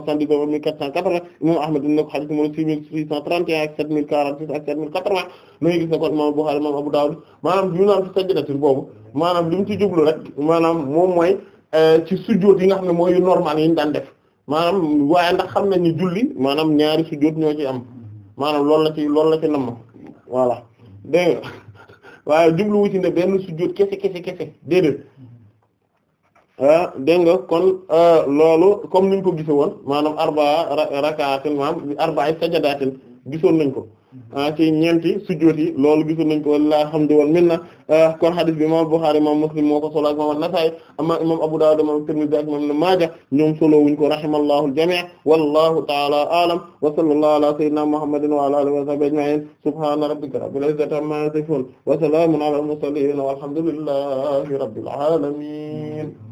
[SPEAKER 2] ak 7046 ak 7080 na nga gis ne kon imam al-Bukhari imam Abu Dawud maanaam ñu naan fi sajdatin boobu maanaam li mu ci jublu rek maanaam moom mooy euh, ci sujjóot yi nga xam ne mooy yu normal yi ñu daan def maanaam waaye ndax xam nañ ni julli maanaam ñaari sujjóot ñoo ci am maanaam loolu la ci loolu la ci namm voilà dégg nga waaye jubluwu ci ne benn sujjóot kese kese kese déedéet ah, dégg nga kon ah, loolu comme niñ ko gise woon maanaam arba rakaatin maanaam arba ay sajadaatin gisoon nañ ko mm-hmm. ah, ci ñeenti sujjóot yi loolu gisoon nañ ko wallaahi alhamdu wal minna ah, kon hadith bi imam Bukhari imam Muslim moo ko solo ak imam An-Nasa'i amma imam Abu Dawud imam Tirmidhi ak imam Ibn Maaja ñoom solo wuñ ko rahimallahu al-jami' wallahu ta'ala a'lam wa sallallahu ala sayyidina Muhammadin wa ala alihi wa sahbihi ajma'in subhana rabbika rabbil izzati amma yasifun wa salamun ala al-mursalin walhamdulillahi rabbil alamin